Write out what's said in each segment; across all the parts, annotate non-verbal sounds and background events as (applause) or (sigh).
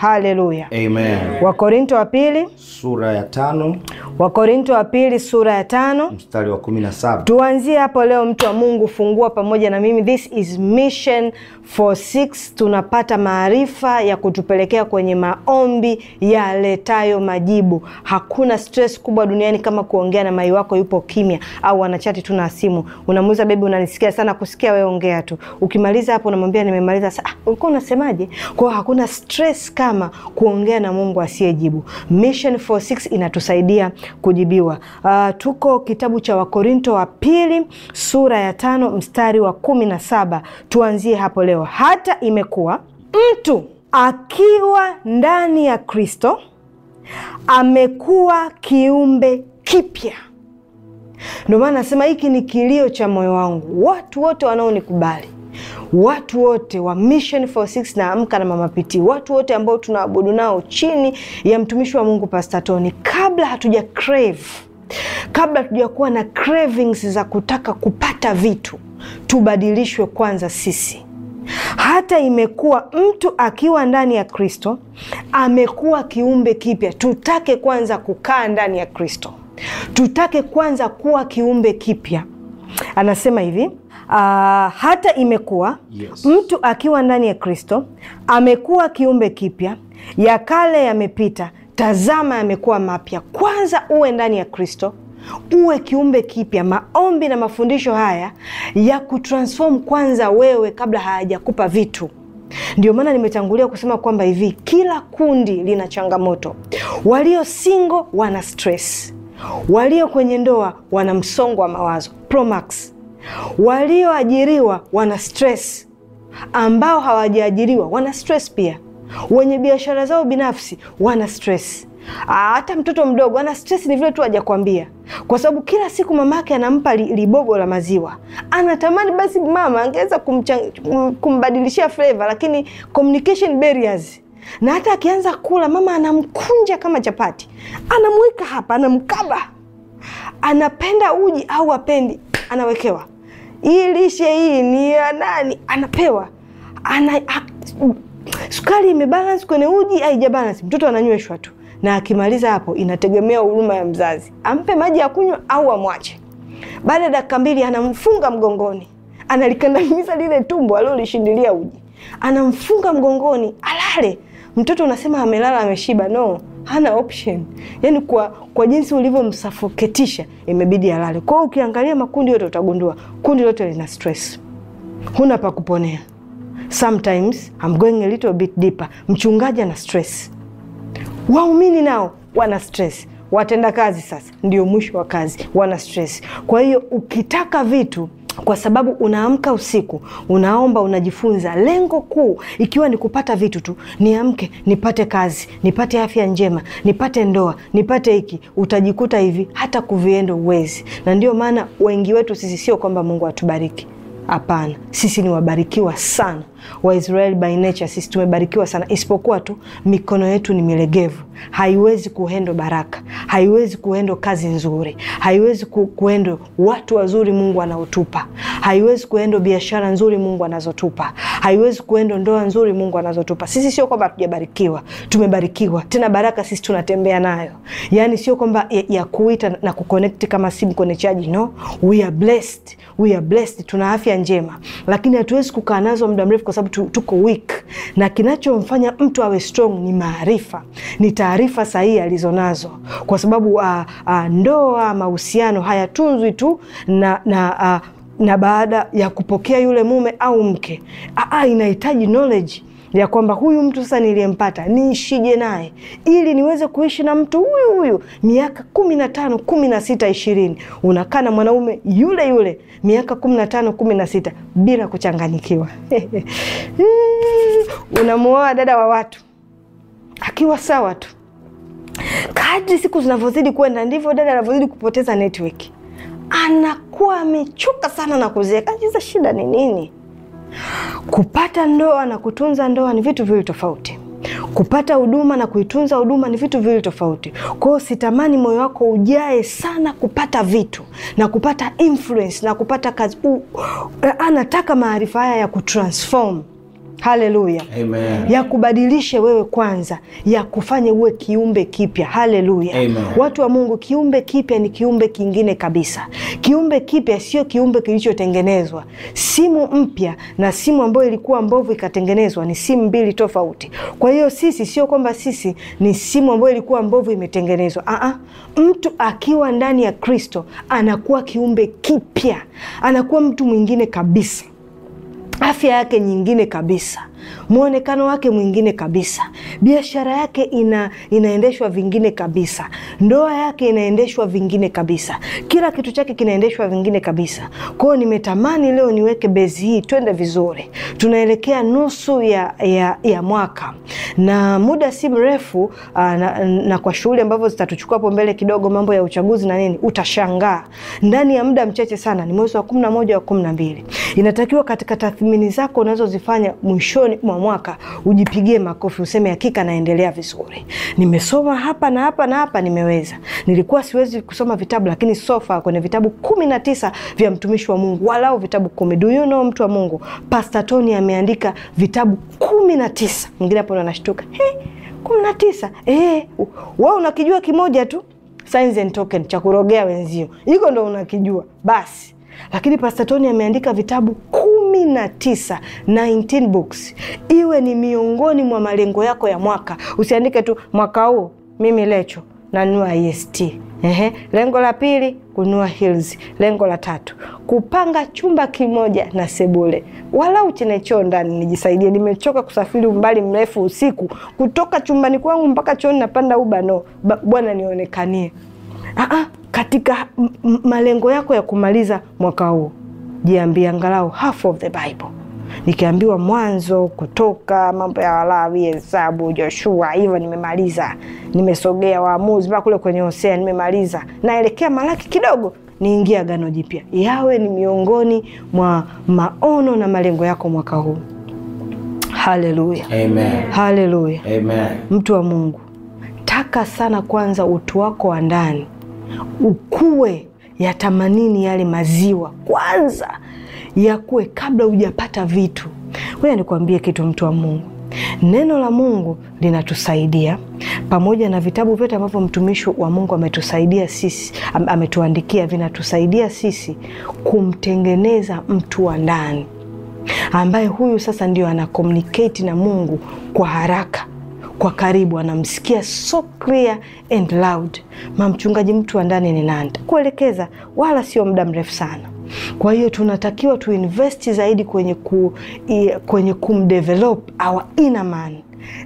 Haleluya, amen. Wakorinto wa pili sura ya tano. Wakorinto wa pili sura ya tano mstari wa 17. Tuanzie hapo leo, mtu wa Mungu, fungua pamoja na mimi. This is mission for six. Tunapata maarifa ya kutupelekea kwenye maombi yaletayo majibu. Hakuna stress kubwa duniani kama kuongea na mai wako yupo kimya, au wanachati tu na simu. Unamuuliza bebi, unanisikia sana kusikia, wewe ongea tu. Ukimaliza hapo unamwambia nimemaliza. Sasa ah, ulikuwa unasemaje? Kwa hakuna stress ka kama kuongea na Mungu asiyejibu. Mission 46 inatusaidia kujibiwa. Uh, tuko kitabu cha Wakorinto wa pili sura ya tano mstari wa kumi na saba. Tuanzie hapo leo. Hata imekuwa mtu akiwa ndani ya Kristo amekuwa kiumbe kipya. Ndio maana nasema hiki ni kilio cha moyo wangu, watu wote wanaonikubali watu wote wa Mission 46 na Amka na Mama Piti, watu wote ambao tunaabudu nao chini ya mtumishi wa Mungu Pastor Tony, kabla hatuja crave, kabla hatujakuwa na cravings za kutaka kupata vitu, tubadilishwe kwanza sisi. Hata imekuwa mtu akiwa ndani ya Kristo amekuwa kiumbe kipya. Tutake kwanza kukaa ndani ya Kristo, tutake kwanza kuwa kiumbe kipya. Anasema hivi uh, hata imekuwa yes. Mtu akiwa ndani ya Kristo amekuwa kiumbe kipya, ya kale yamepita, tazama yamekuwa mapya. Kwanza uwe ndani ya Kristo, uwe kiumbe kipya. Maombi na mafundisho haya ya kutransform kwanza wewe kabla hayajakupa vitu. Ndio maana nimetangulia kusema kwamba hivi kila kundi lina changamoto. Walio single wana stress, walio kwenye ndoa wana msongo wa mawazo. Promax Walioajiriwa wana stress, ambao hawajaajiriwa wana stress pia, wenye biashara zao binafsi wana stress. Hata mtoto mdogo ana stress, ni vile tu hajakwambia, kwa sababu kila siku mamake anampa libogo la maziwa. Anatamani basi mama angeweza kumbadilishia flavor, lakini communication barriers na hata akianza kula mama anamkunja kama chapati, anamweka hapa, anamkaba. Anapenda uji au apendi, anawekewa hii lishe hii ni ya nani, anapewa ana sukari imebalance kwenye uji, haijabalance mtoto ananyweshwa tu, na akimaliza hapo inategemea huruma ya mzazi, ampe maji ya kunywa au amwache. Baada ya dakika mbili anamfunga mgongoni, analikandamiza lile tumbo alilolishindilia uji, anamfunga mgongoni alale. Mtoto unasema amelala ameshiba, no hana option. Yaani kwa, kwa jinsi ulivyomsafoketisha imebidi alale. Kwa hiyo ukiangalia makundi yote utagundua kundi lote lina stress, huna pa kuponea. Sometimes I'm going a little bit deeper. Mchungaji ana stress, waumini nao wana stress, watenda kazi sasa ndio mwisho wa kazi, wana stress. Kwa hiyo ukitaka vitu kwa sababu unaamka usiku, unaomba, unajifunza, lengo kuu ikiwa ni kupata vitu tu, niamke nipate kazi, nipate afya njema, nipate ndoa, nipate hiki, utajikuta hivi hata kuviendo uwezi. Na ndio maana wengi wetu sisi, sio kwamba Mungu atubariki, hapana, sisi ni wabarikiwa sana. Waisraeli by nature sisi tumebarikiwa sana, isipokuwa tu mikono yetu ni milegevu, haiwezi kuhendo baraka, haiwezi kuhendo kazi nzuri, haiwezi kuhendo watu wazuri Mungu anaotupa, haiwezi kuhendo biashara nzuri Mungu anazotupa, haiwezi kuhendo ndoa nzuri Mungu anazotupa. Sisi sio kwamba hatujabarikiwa, tumebarikiwa tena, baraka sisi tunatembea nayo, yani sio kwamba ya, ya kuita na kuconnect kama simu kwenye chaji. No, we are blessed, we are blessed, tuna afya njema, lakini hatuwezi kukaa nazo muda mrefu sababu tuko weak, na kinachomfanya mtu awe strong ni maarifa, ni taarifa sahihi alizonazo, kwa sababu a, ah, a, ah, ndoa, mahusiano hayatunzwi tu na, na, a, ah, na baada ya kupokea yule mume au mke. Aa, inahitaji knowledge ya kwamba huyu mtu sasa niliyempata niishije naye ili niweze kuishi na mtu huyu huyu miaka kumi na tano kumi na sita ishirini unakaa na mwanaume yule yule miaka kumi na tano kumi na sita bila kuchanganyikiwa (laughs) mm, unamuoa dada wa watu akiwa sawa tu kadri siku zinavyozidi kwenda ndivyo dada anavyozidi kupoteza network anakuwa amechoka sana na kuzeeka. Shida ni nini? Kupata ndoa na kutunza ndoa ni vitu viwili tofauti. Kupata huduma na kuitunza huduma ni vitu viwili tofauti. Kwa hiyo sitamani moyo wako ujae sana kupata vitu na kupata influence na kupata kazi. Eh, anataka maarifa haya ya kutransform Haleluya, amen. kubadilishe wewe kwanza, ya kufanye uwe kiumbe kipya. Haleluya, amen. Watu wa Mungu, kiumbe kipya ni kiumbe kingine kabisa. Kiumbe kipya sio kiumbe kilichotengenezwa. Simu mpya na simu ambayo ilikuwa mbovu ikatengenezwa ni simu mbili tofauti. Kwa hiyo sisi sio kwamba sisi ni simu ambayo ilikuwa mbovu imetengenezwa. Aa, mtu akiwa ndani ya Kristo anakuwa kiumbe kipya, anakuwa mtu mwingine kabisa afya yake nyingine kabisa mwonekano wake mwingine kabisa, biashara yake ina, inaendeshwa vingine kabisa, ndoa yake inaendeshwa vingine kabisa, kila kitu chake kinaendeshwa vingine kabisa. kwao nimetamani leo niweke bezi hii, twende vizuri. Tunaelekea nusu ya, ya, ya mwaka na muda si mrefu na, ah, na, na kwa shughuli ambavyo zitatuchukua hapo mbele kidogo, mambo ya uchaguzi na nini, utashangaa ndani ya muda mchache sana, ni mwezi wa kumi na moja wa kumi na mbili, inatakiwa katika tathmini zako unazozifanya mwishoni mwa mwaka ujipigie makofi useme hakika naendelea vizuri, nimesoma hapa na hapa na hapa, nimeweza. Nilikuwa siwezi kusoma vitabu, lakini sofa kwenye vitabu kumi na tisa vya mtumishi wa Mungu, walau vitabu kumi. Do you know, mtu wa Mungu, Pastor Tony ameandika vitabu kumi na tisa. Mwingine hapo anashtuka, hey, kumi na tisa eh, wewe unakijua kimoja tu Signs and Token cha kurogea wenzio, hiko ndo unakijua basi, lakini Pastor Tony ameandika vitabu kumi kumi na tisa 19 books iwe ni miongoni mwa malengo yako ya mwaka. Usiandike tu mwaka huu mimi Lecho nanua est Ehe, lengo la pili kunua heels. Lengo la tatu kupanga chumba kimoja na sebule, walau chenye choo ndani, nijisaidie. Nimechoka kusafiri umbali mrefu usiku kutoka chumbani kwangu mpaka chooni, napanda uba. No bwana, nionekanie. Ah, ah, katika malengo yako ya kumaliza mwaka huu jiambia angalau half of the Bible. Nikiambiwa Mwanzo, Kutoka, mambo ya Walawi, Hesabu, Joshua, hivyo nimemaliza. Nimesogea Waamuzi mpaka kule kwenye Hosea, nimemaliza. Naelekea Malaki kidogo, niingia Agano Jipya. Yawe ni miongoni mwa maono na malengo yako mwaka huu. Haleluya, amen. Haleluya, amen. Mtu wa Mungu, taka sana kwanza utu wako wa ndani ukue yatamanini yale maziwa kwanza yakuwe kabla hujapata vitu. Wewe nikuambie kitu, mtu wa Mungu, neno la Mungu linatusaidia pamoja na vitabu vyote ambavyo mtumishi wa Mungu ametusaidia sisi, ametuandikia vinatusaidia sisi kumtengeneza mtu wa ndani ambaye huyu sasa ndio ana communicate na Mungu kwa haraka kwa karibu, anamsikia so clear and loud. Mama mchungaji, mtu wa ndani ni nani? Kuelekeza wala sio muda mrefu sana. Kwa hiyo tunatakiwa tuinvesti zaidi kwenye, ku, kwenye kumdevelop our inner man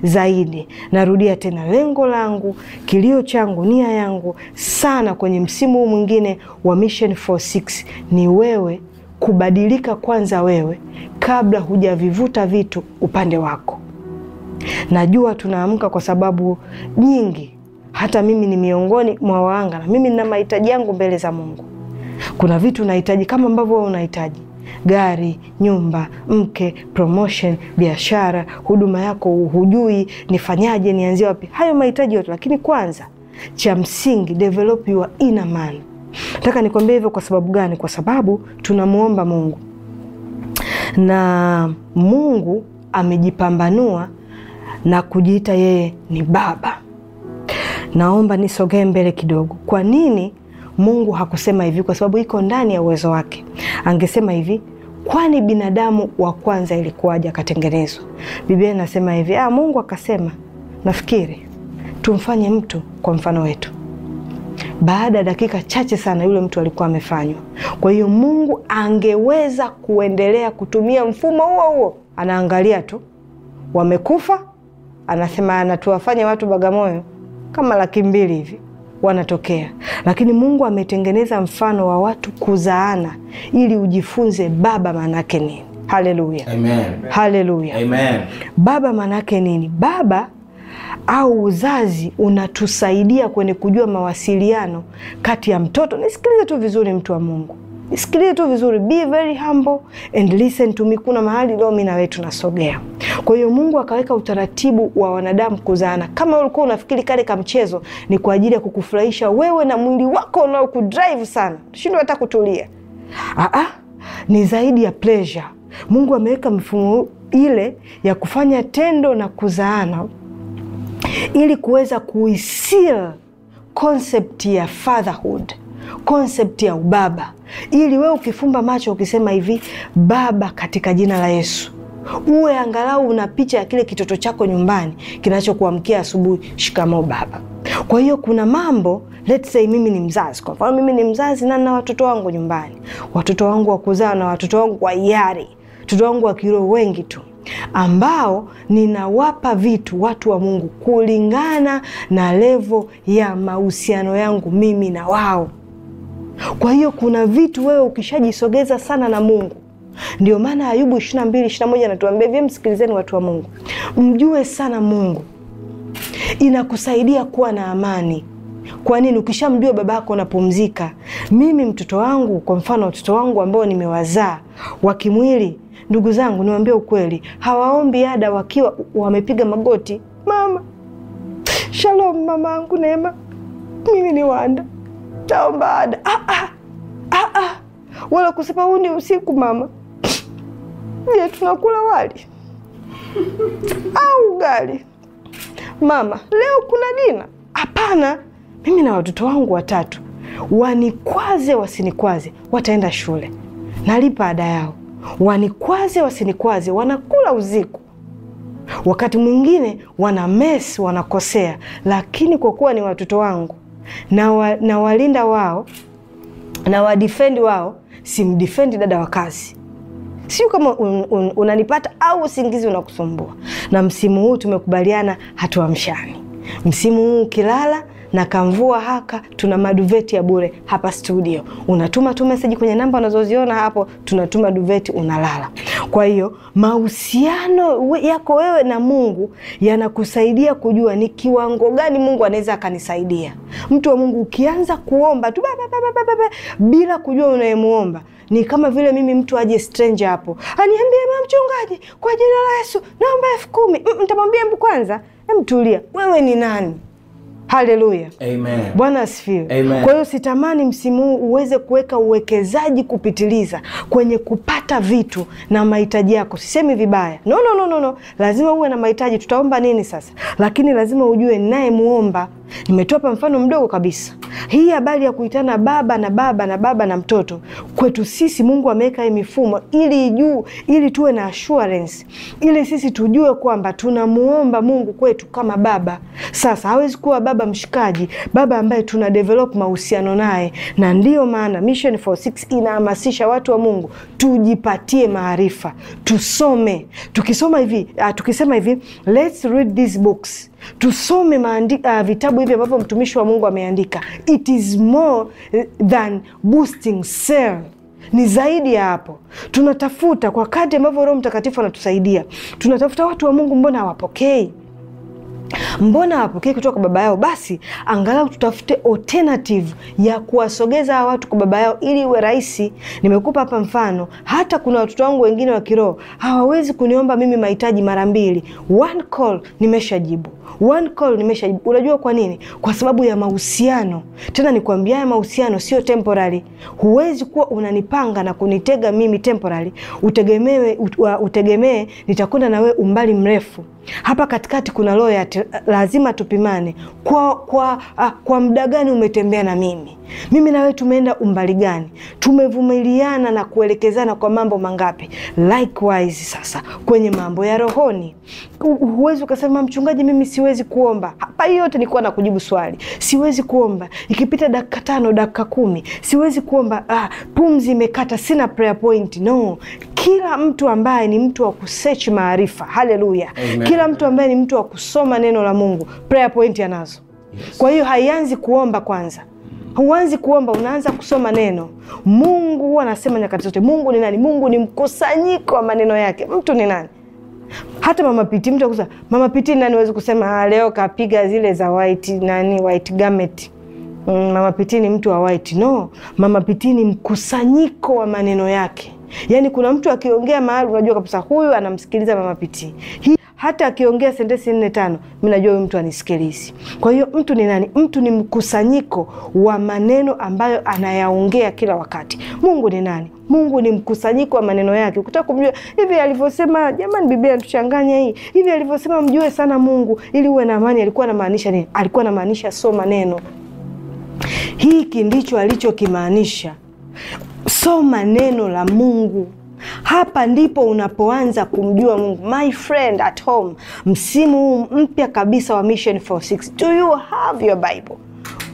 zaidi. Narudia tena, lengo langu, kilio changu, nia yangu sana kwenye msimu huu mwingine wa Mission 46 ni wewe kubadilika kwanza wewe kabla hujavivuta vitu upande wako. Najua tunaamka kwa sababu nyingi. Hata mimi ni miongoni mwa waanga na mimi nina mahitaji yangu mbele za Mungu. Kuna vitu unahitaji kama ambavyo wewe unahitaji gari, nyumba, mke, promotion, biashara, huduma yako, hujui nifanyaje, nianzie wapi? Hayo mahitaji yote, lakini kwanza cha msingi develop your inner man. Nataka nikwambie hivyo kwa sababu gani? Kwa sababu tunamwomba Mungu na Mungu amejipambanua na kujiita yeye ni baba. Naomba nisogee mbele kidogo. Kwa nini Mungu hakusema hivi? Kwa sababu iko ndani ya uwezo wake. Angesema hivi, kwani binadamu wa kwanza ilikuwaje akatengenezwa? Biblia inasema hivi, ah, Mungu akasema, nafikiri tumfanye mtu kwa mfano wetu. Baada ya dakika chache sana yule mtu alikuwa amefanywa. Kwa hiyo Mungu angeweza kuendelea kutumia mfumo huo huo, anaangalia tu wamekufa anasema anatuwafanya watu Bagamoyo kama laki mbili hivi wanatokea, lakini Mungu ametengeneza mfano wa watu kuzaana ili ujifunze baba maanake nini. Haleluya, haleluya. Baba maanake nini? Baba au uzazi unatusaidia kwenye kujua mawasiliano kati ya mtoto. Nisikilize tu vizuri, mtu wa Mungu nisikilize tu vizuri, be very humble and listen to me. Kuna mahali leo mimi na wewe tunasogea. Kwa hiyo Mungu akaweka utaratibu wa wanadamu kuzaana. Kama ulikuwa unafikiri kale mchezo ni kwa ajili ya kukufurahisha wewe na mwili wako unaokudrive sana, shindwa hata kutulia. Aa, ni zaidi ya pleasure. Mungu ameweka mfumo ile ya kufanya tendo na kuzaana ili kuweza kuisil concept ya fatherhood konsepti ya ubaba, ili wewe ukifumba macho ukisema hivi, Baba, katika jina la Yesu, uwe angalau una picha ya kile kitoto chako nyumbani kinachokuamkia asubuhi, shikamoo baba. Kwa hiyo kuna mambo let's say, mimi ni mzazi, kwa mfano mimi ni mzazi na na watoto wangu nyumbani, watoto wangu wa kuzaa na watoto wangu wa hiari, watoto wangu wa kiroho wengi tu ambao ninawapa vitu watu wa Mungu kulingana na levo ya mahusiano yangu mimi na wao. Kwa hiyo kuna vitu wewe ukishajisogeza sana na Mungu ndio maana Ayubu 22 anatuambia vye, msikilizeni watu wa Mungu, mjue sana Mungu, inakusaidia kuwa na amani. Kwa nini? Ukishamjua baba yako unapumzika. Mimi mtoto wangu, kwa mfano watoto wangu ambao nimewazaa wa kimwili, ndugu zangu, niwaambie ukweli, hawaombi ada wakiwa wamepiga magoti, mama, shalom, mamangu Neema, mimi ni Wanda utaomba ada ah, ah, ah, ah. wala kusema huu ni usiku mama. Je, tunakula wali au ugali mama? Leo kuna dina? Hapana, mimi na watoto wangu watatu, wanikwaze wasinikwaze, wataenda shule, nalipa ada yao. Wanikwaze wasinikwaze, wanakula uziku wakati mwingine wana mess wanakosea, lakini kwa kuwa ni watoto wangu na, wa, na walinda wao na wadifendi wao, simdifendi dada wa kazi. Sio kama un, un, unanipata au usingizi unakusumbua. Na msimu huu tumekubaliana hatuamshani. Msimu huu ukilala na kamvua haka, tuna maduveti ya bure hapa studio. Unatuma tu message kwenye namba unazoziona hapo, tunatuma duveti, unalala. Kwa hiyo mahusiano yako wewe na Mungu yanakusaidia kujua ni kiwango gani Mungu anaweza akanisaidia. Mtu wa Mungu, ukianza kuomba tu bila kujua unayemuomba ni kama vile mimi mtu aje stranger hapo aniambie mama mchungaji, kwa jina la Yesu naomba elfu kumi. Nitamwambia hebu kwanza, hebu tulia, wewe ni nani? Haleluya, Bwana asifiwe. Kwa hiyo sitamani msimu huu uweze kuweka uwekezaji kupitiliza kwenye kupata vitu na mahitaji yako. Sisemi vibaya, no, no, no, no, no. Lazima uwe na mahitaji, tutaomba nini sasa, lakini lazima ujue naye Nimetoa pa mfano mdogo kabisa. Hii habari ya kuitana baba na baba na baba na mtoto, kwetu sisi Mungu ameweka hii mifumo ili juu, ili tuwe na assurance, ili sisi tujue kwamba tunamuomba Mungu kwetu kama baba. Sasa hawezi kuwa baba mshikaji, baba ambaye tuna develop mahusiano naye, na ndiyo maana Mission 46 inahamasisha watu wa Mungu tujipatie maarifa, tusome. Tukisoma hivi, uh, tukisema hivi let's read these books tusome maandika, ah, vitabu hivi ambavyo mtumishi wa Mungu ameandika. It is more eh, than boosting self ni zaidi ya hapo. Tunatafuta kwa kadri ambavyo Roho Mtakatifu anatusaidia, tunatafuta watu wa Mungu, mbona hawapokei? mbona hawapokei kutoka kwa baba yao, basi angalau tutafute alternative ya kuwasogeza hawa watu kwa baba yao ili iwe rahisi. Nimekupa hapa mfano, hata kuna watoto wangu wengine wa kiroho hawawezi kuniomba mimi mahitaji mara mbili. One call nimeshajibu, one call nimeshajibu. Unajua kwa nini? Kwa sababu ya mahusiano. Tena nikwambia, ya mahusiano sio temporary. Huwezi kuwa unanipanga na kunitega mimi temporary utegemee, utegemee nitakwenda na wewe umbali mrefu hapa katikati kuna loyalty, lazima tupimane kwa, kwa, ah, kwa muda gani umetembea na mimi, mimi na wewe tumeenda umbali gani, tumevumiliana na kuelekezana kwa mambo mangapi? Likewise sasa kwenye mambo ya rohoni, huwezi ukasema mchungaji, mimi siwezi kuomba. Hapa hiyo yote nilikuwa na kujibu swali, siwezi kuomba, ikipita dakika tano dakika kumi siwezi kuomba, ah, pumzi imekata, sina prayer point. No, kila mtu ambaye ni mtu wa kusearch maarifa, haleluya, kila kila mtu ambaye ni mtu wa kusoma neno la Mungu prayer point anazo. Yes. Kwa hiyo haianzi kuomba kwanza Huanzi kuomba, unaanza kusoma neno. Mungu huwa anasema nyakati zote, Mungu ni nani? Mungu ni mkusanyiko wa maneno yake. Mtu ni nani? Hata mama piti, mtu akusa mama piti nani? Wezi kusema ah, leo kapiga zile za white nani, white garment. Mm, mama piti ni mtu wa white? No, mama piti ni mkusanyiko wa maneno yake. Yaani kuna mtu akiongea mahali, unajua kabisa huyu anamsikiliza mama piti hata akiongea sentensi nne tano, mi najua huyu mtu anisikilizi. Kwa hiyo mtu ni nani? Mtu ni mkusanyiko wa maneno ambayo anayaongea kila wakati. Mungu ni nani? Mungu ni mkusanyiko wa maneno yake. Ukitaka kumjua hivi alivyosema, jamani, Biblia natuchanganya hii, hivi alivyosema mjue sana Mungu ili uwe na amani, alikuwa anamaanisha nini? Alikuwa anamaanisha so maneno, hiki ndicho alichokimaanisha, soma neno la Mungu. Hapa ndipo unapoanza kumjua Mungu. My friend at home, msimu huu mpya kabisa wa Mission 46. Do you have your Bible?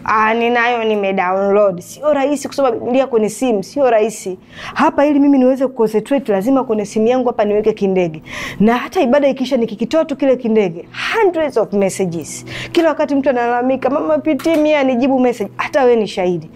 Ah, ninayo nimedownload. Sio rahisi kusoma Biblia kwenye simu, sio rahisi. Hapa ili mimi niweze kuconcentrate lazima kwenye simu yangu hapa niweke kindege. Na hata ibada ikisha nikikitoa tu kile kindege, hundreds of messages. Kila wakati mtu analalamika, mama pitie mia nijibu message. Hata we ni shahidi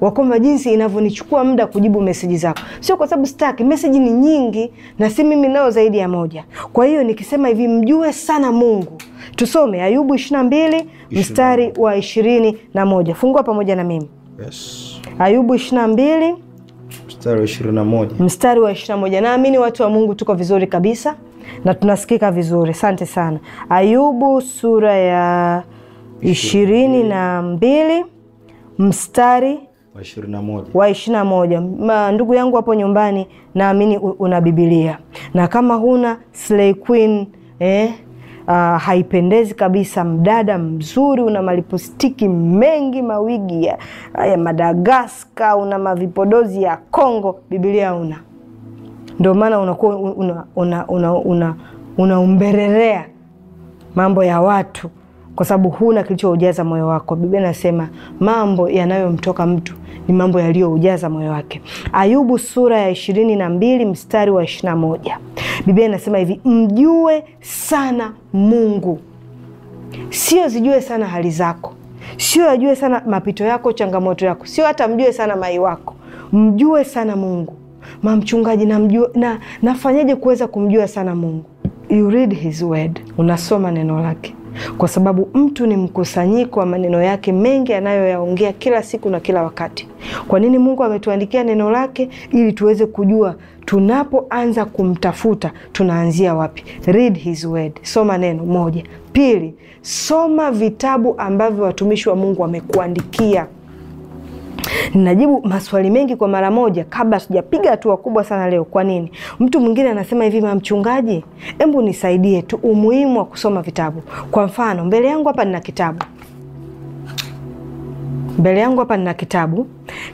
wa kwamba jinsi inavyonichukua muda kujibu meseji zako, sio kwa sababu sitaki. Meseji ni nyingi na si mimi nao zaidi ya moja. Kwa hiyo nikisema hivi, mjue sana Mungu. Tusome Ayubu 22 mstari wa ishirini na moja. Fungua pamoja na mimi yes. Ayubu 22 mstari wa 21, mstari wa 21. Naamini watu wa Mungu tuko vizuri kabisa na tunasikika vizuri, asante sana. Ayubu sura ya ishirini na mbili mstari wa ishirini na moja, wa moja. Ma, ndugu yangu hapo nyumbani naamini una Biblia na kama huna Slay Queen eh, Uh, haipendezi kabisa. Mdada mzuri, una malipostiki mengi, mawigi ya, ya Madagaska, una mavipodozi ya Kongo, Biblia una ndio maana unakuwa una, una, una, una, unaumbererea mambo ya watu kwa sababu huna kilichoujaza moyo wako. Biblia nasema mambo yanayomtoka mtu ni mambo yaliyoujaza moyo wake. Ayubu sura ya ishirini na mbili mstari wa ishirini na moja Biblia inasema hivi, mjue sana Mungu, sio zijue sana hali zako, sio ajue sana mapito yako, changamoto yako, sio hata mjue sana mai wako, mjue sana Mungu. Mamchungaji, namjua na nafanyaje kuweza kumjua sana Mungu? You read his word, unasoma neno lake kwa sababu mtu ni mkusanyiko wa maneno yake mengi anayoyaongea kila siku na kila wakati. Kwa nini Mungu ametuandikia neno lake? Ili tuweze kujua tunapoanza kumtafuta tunaanzia wapi. Read his word, soma neno moja. Pili, soma vitabu ambavyo watumishi wa Mungu wamekuandikia Ninajibu maswali mengi kwa mara moja kabla sijapiga hatua kubwa sana leo. Kwa nini? Mtu mwingine anasema hivi, ma mchungaji, hebu nisaidie tu umuhimu wa kusoma vitabu. Kwa mfano, mbele yangu hapa nina kitabu mbele yangu hapa nina kitabu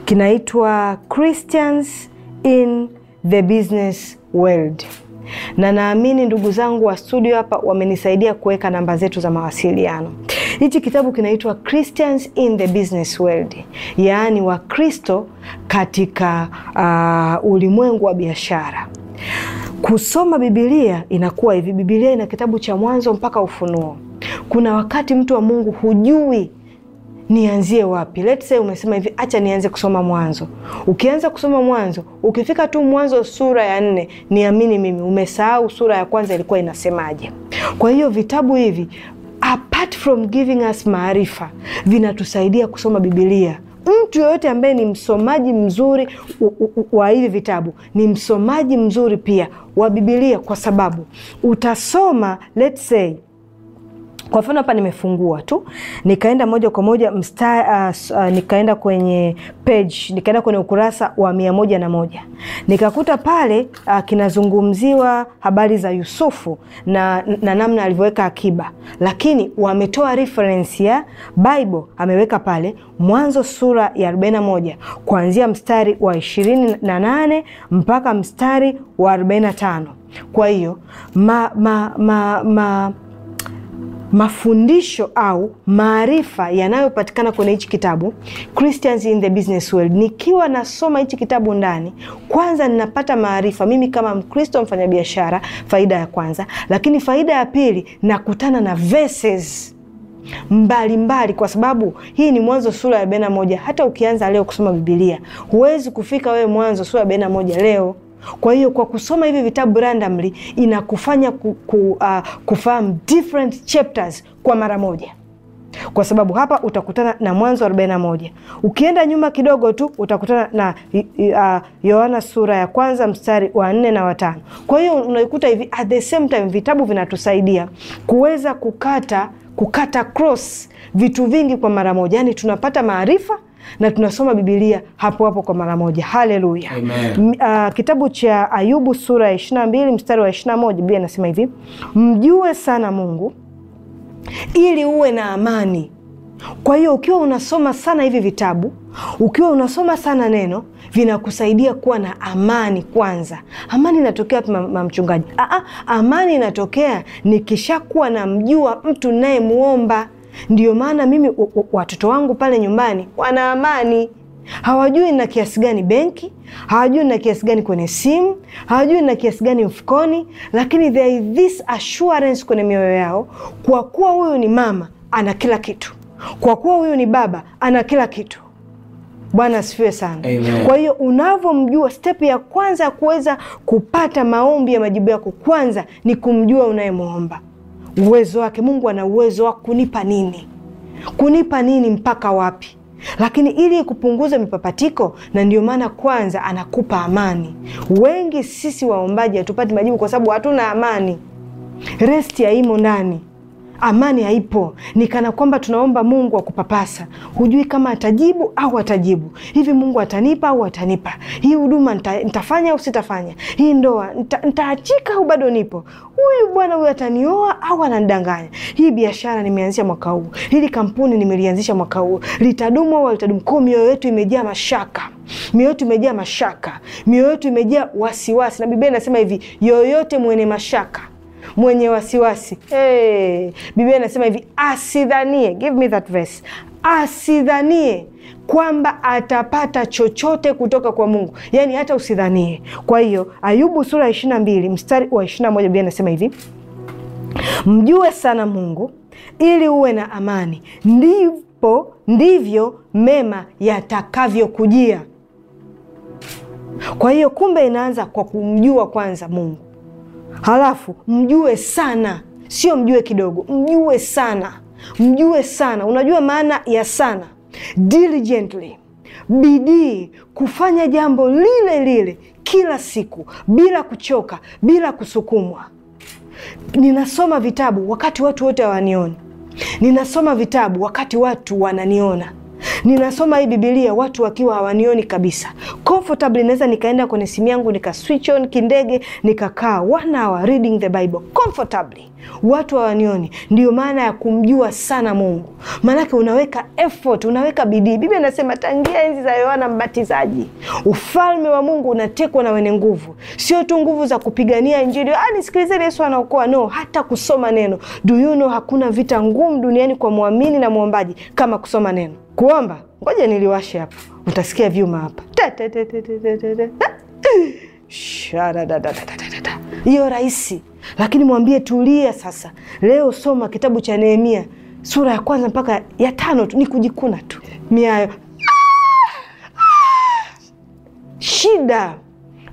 kinaitwa Christians in the Business World, na naamini ndugu zangu wa studio hapa wamenisaidia kuweka namba zetu za mawasiliano. Hichi kitabu kinaitwa Christians in the Business World, yaani Wakristo katika uh, ulimwengu wa biashara. Kusoma Biblia inakuwa hivi. Biblia ina kitabu cha Mwanzo mpaka Ufunuo. Kuna wakati mtu wa Mungu hujui nianzie wapi. Let's say umesema hivi, acha nianze kusoma Mwanzo. Ukianza kusoma Mwanzo, ukifika tu Mwanzo sura ya nne, niamini mimi, umesahau sura ya kwanza ilikuwa inasemaje. Kwa hiyo vitabu hivi from giving us maarifa, vinatusaidia kusoma Biblia. Mtu yoyote ambaye ni msomaji mzuri wa hivi vitabu ni msomaji mzuri pia wa Biblia, kwa sababu utasoma let's say kwa mfano hapa nimefungua tu nikaenda moja kwa moja msta, uh, uh, nikaenda kwenye page, nikaenda kwenye ukurasa wa mia moja na moja nikakuta pale uh, kinazungumziwa habari za Yusufu na, na namna alivyoweka akiba, lakini wametoa reference ya Bible, ameweka pale Mwanzo sura ya 41 kuanzia mstari wa 28 mpaka mstari wa 45. Kwa hiyo ma, ma, ma, ma mafundisho au maarifa yanayopatikana kwenye hichi kitabu Christians in the Business World. Nikiwa nasoma hichi kitabu ndani, kwanza ninapata maarifa mimi kama Mkristo mfanyabiashara, faida ya kwanza. Lakini faida ya pili, nakutana na verses mbalimbali mbali, kwa sababu hii ni Mwanzo sura ya arobaini na moja. Hata ukianza leo kusoma Biblia huwezi kufika wewe Mwanzo sura ya arobaini na moja leo. Kwa hiyo kwa kusoma hivi vitabu randomly inakufanya ku, ku, uh, kufahamu different chapters kwa mara moja, kwa sababu hapa utakutana na Mwanzo 41. Ukienda nyuma kidogo tu utakutana na uh, Yohana sura ya kwanza mstari wa nne na watano. Kwa hiyo unaikuta hivi at the same time vitabu vinatusaidia kuweza kukata kukata cross vitu vingi kwa mara moja, yani tunapata maarifa na tunasoma Biblia hapo hapo kwa mara moja. Haleluya. Uh, kitabu cha Ayubu sura ya 22 mstari wa 21 Biblia inasema hivi, mjue sana Mungu ili uwe na amani. Kwa hiyo ukiwa unasoma sana hivi vitabu, ukiwa unasoma sana neno, vinakusaidia kuwa na amani kwanza. Amani inatokea ma mchungaji? Aa, ah, ah, amani inatokea nikishakuwa namjua mtu nayemwomba Ndiyo maana mimi watoto wangu pale nyumbani wana amani, hawajui na kiasi gani benki, hawajui na kiasi gani kwenye simu, hawajui na kiasi gani mfukoni, lakini there is this assurance kwenye mioyo yao, kwa kuwa huyu ni mama ana kila kitu, kwa kuwa huyu ni baba ana kila kitu. Bwana asifiwe sana. Amen. Kwa hiyo unavyomjua, step ya kwanza ya kuweza kupata maombi ya majibu yako kwanza ni kumjua unayemwomba uwezo wake. Mungu ana uwezo wa kunipa nini, kunipa nini, mpaka wapi lakini ili kupunguza mipapatiko, na ndio maana kwanza anakupa amani. Wengi sisi waombaji hatupati majibu kwa sababu hatuna amani, resti haimo ndani amani haipo, ni kana kwamba tunaomba Mungu akupapasa, hujui kama atajibu au atajibu hivi, Mungu atanipa au atanipa hii huduma, nitafanya au sitafanya hii ndoa, nitaachika au bado nipo, huyu bwana huyu atanioa au anandanganya, hii biashara nimeanzia mwaka huu, hili kampuni nimelianzisha mwaka huu, litadumu au litadumu? Kwa mioyo yetu imejaa mashaka mioyo yetu imejaa mashaka, mioyo yetu imejaa wasiwasi, na Biblia inasema hivi, yoyote mwenye mashaka mwenye wasiwasi hey. Eh, Biblia inasema hivi asidhanie, give me that verse, asidhanie kwamba atapata chochote kutoka kwa Mungu, yaani hata usidhanie. Kwa hiyo Ayubu sura ya ishirini na mbili mstari wa ishirini na moja Biblia inasema hivi mjue sana Mungu ili uwe na amani, ndipo ndivyo mema yatakavyokujia. Kwa hiyo kumbe inaanza kwa kumjua kwanza Mungu halafu mjue sana, sio mjue kidogo, mjue sana, mjue sana. Unajua maana ya sana? Diligently, bidii kufanya jambo lile lile kila siku bila kuchoka, bila kusukumwa. Ninasoma vitabu wakati watu wote hawanioni, ninasoma vitabu wakati watu wananiona ninasoma hii Biblia watu wakiwa hawanioni kabisa comfortably, naweza nikaenda kwenye simu yangu nika switch on kindege nikakaa one hour reading the Bible comfortably watu hawanioni. Ndio maana ya kumjua sana Mungu, maanake unaweka effort, unaweka bidii. Biblia inasema tangia enzi za Yohana Mbatizaji ufalme wa Mungu unatekwa na wenye nguvu, sio tu nguvu za kupigania Injili, ah, nisikilizeni Yesu anaokoa, no, hata kusoma neno. Do you know, hakuna vita ngumu duniani kwa mwamini na mwombaji kama kusoma neno, kuomba. Ngoja niliwashe hapa, utasikia vyuma hapa hiyo rahisi lakini mwambie tulia sasa, leo soma kitabu cha Nehemia sura ya kwanza mpaka ya tano tu, ni kujikuna tu miayo shida,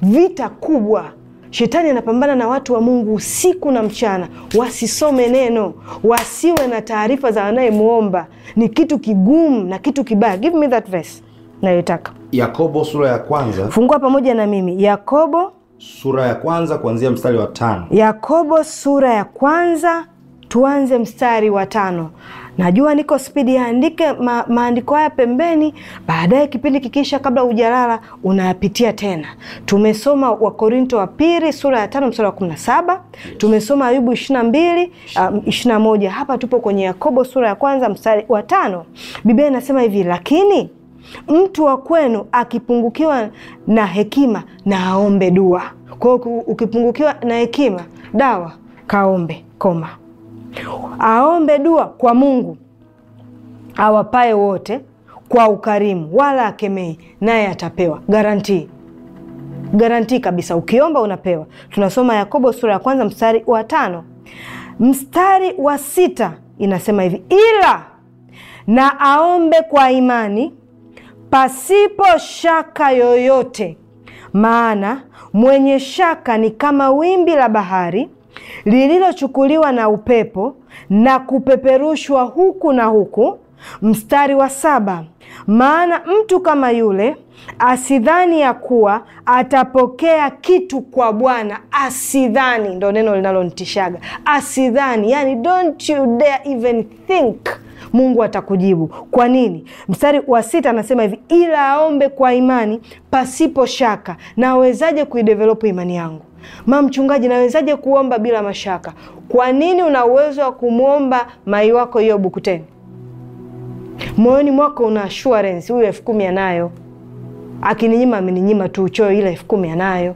vita kubwa. Shetani anapambana na watu wa Mungu usiku na mchana, wasisome neno, wasiwe na taarifa za wanayemwomba. Ni kitu kigumu na kitu kibaya. Give me that verse nayotaka, Yakobo sura ya kwanza. Fungua pamoja na mimi Yakobo sura ya kwanza kuanzia mstari wa tano. Yakobo sura ya kwanza tuanze mstari wa tano. Najua niko spidi, yaandike ma, maandiko haya pembeni, baadaye kipindi kikiisha, kabla hujalala unayapitia tena. Tumesoma Wakorinto wa pili sura ya tano mstari wa kumi na saba tumesoma Ayubu ishirini na mbili um, ishirini na moja Hapa tupo kwenye Yakobo sura ya kwanza mstari wa tano. Biblia inasema hivi lakini mtu wa kwenu akipungukiwa na hekima na aombe dua. Kwa hiyo ukipungukiwa na hekima dawa, kaombe koma, aombe dua kwa Mungu awapae wote kwa ukarimu, wala akemei, naye atapewa. Garantii, garantii kabisa, ukiomba unapewa. Tunasoma Yakobo sura ya kwanza mstari wa tano mstari wa sita inasema hivi, ila na aombe kwa imani pasipo shaka yoyote, maana mwenye shaka ni kama wimbi la bahari lililochukuliwa na upepo na kupeperushwa huku na huku. Mstari wa saba, maana mtu kama yule asidhani ya kuwa atapokea kitu kwa Bwana. Asidhani ndo neno linalonitishaga, asidhani, yani don't you dare even think Mungu atakujibu. Kwa nini? Mstari wa sita anasema hivi, ila aombe kwa imani pasipo shaka. Nawezaje kuidevelopu imani yangu? Ma mchungaji, nawezaje kuomba bila mashaka? Kwa nini una uwezo wa kumwomba mai wako hiyo bukuteni Moyoni mwako una assurance, huyu elfu kumi anayo, akininyima ameninyima tu uchoyo, ila elfu kumi anayo.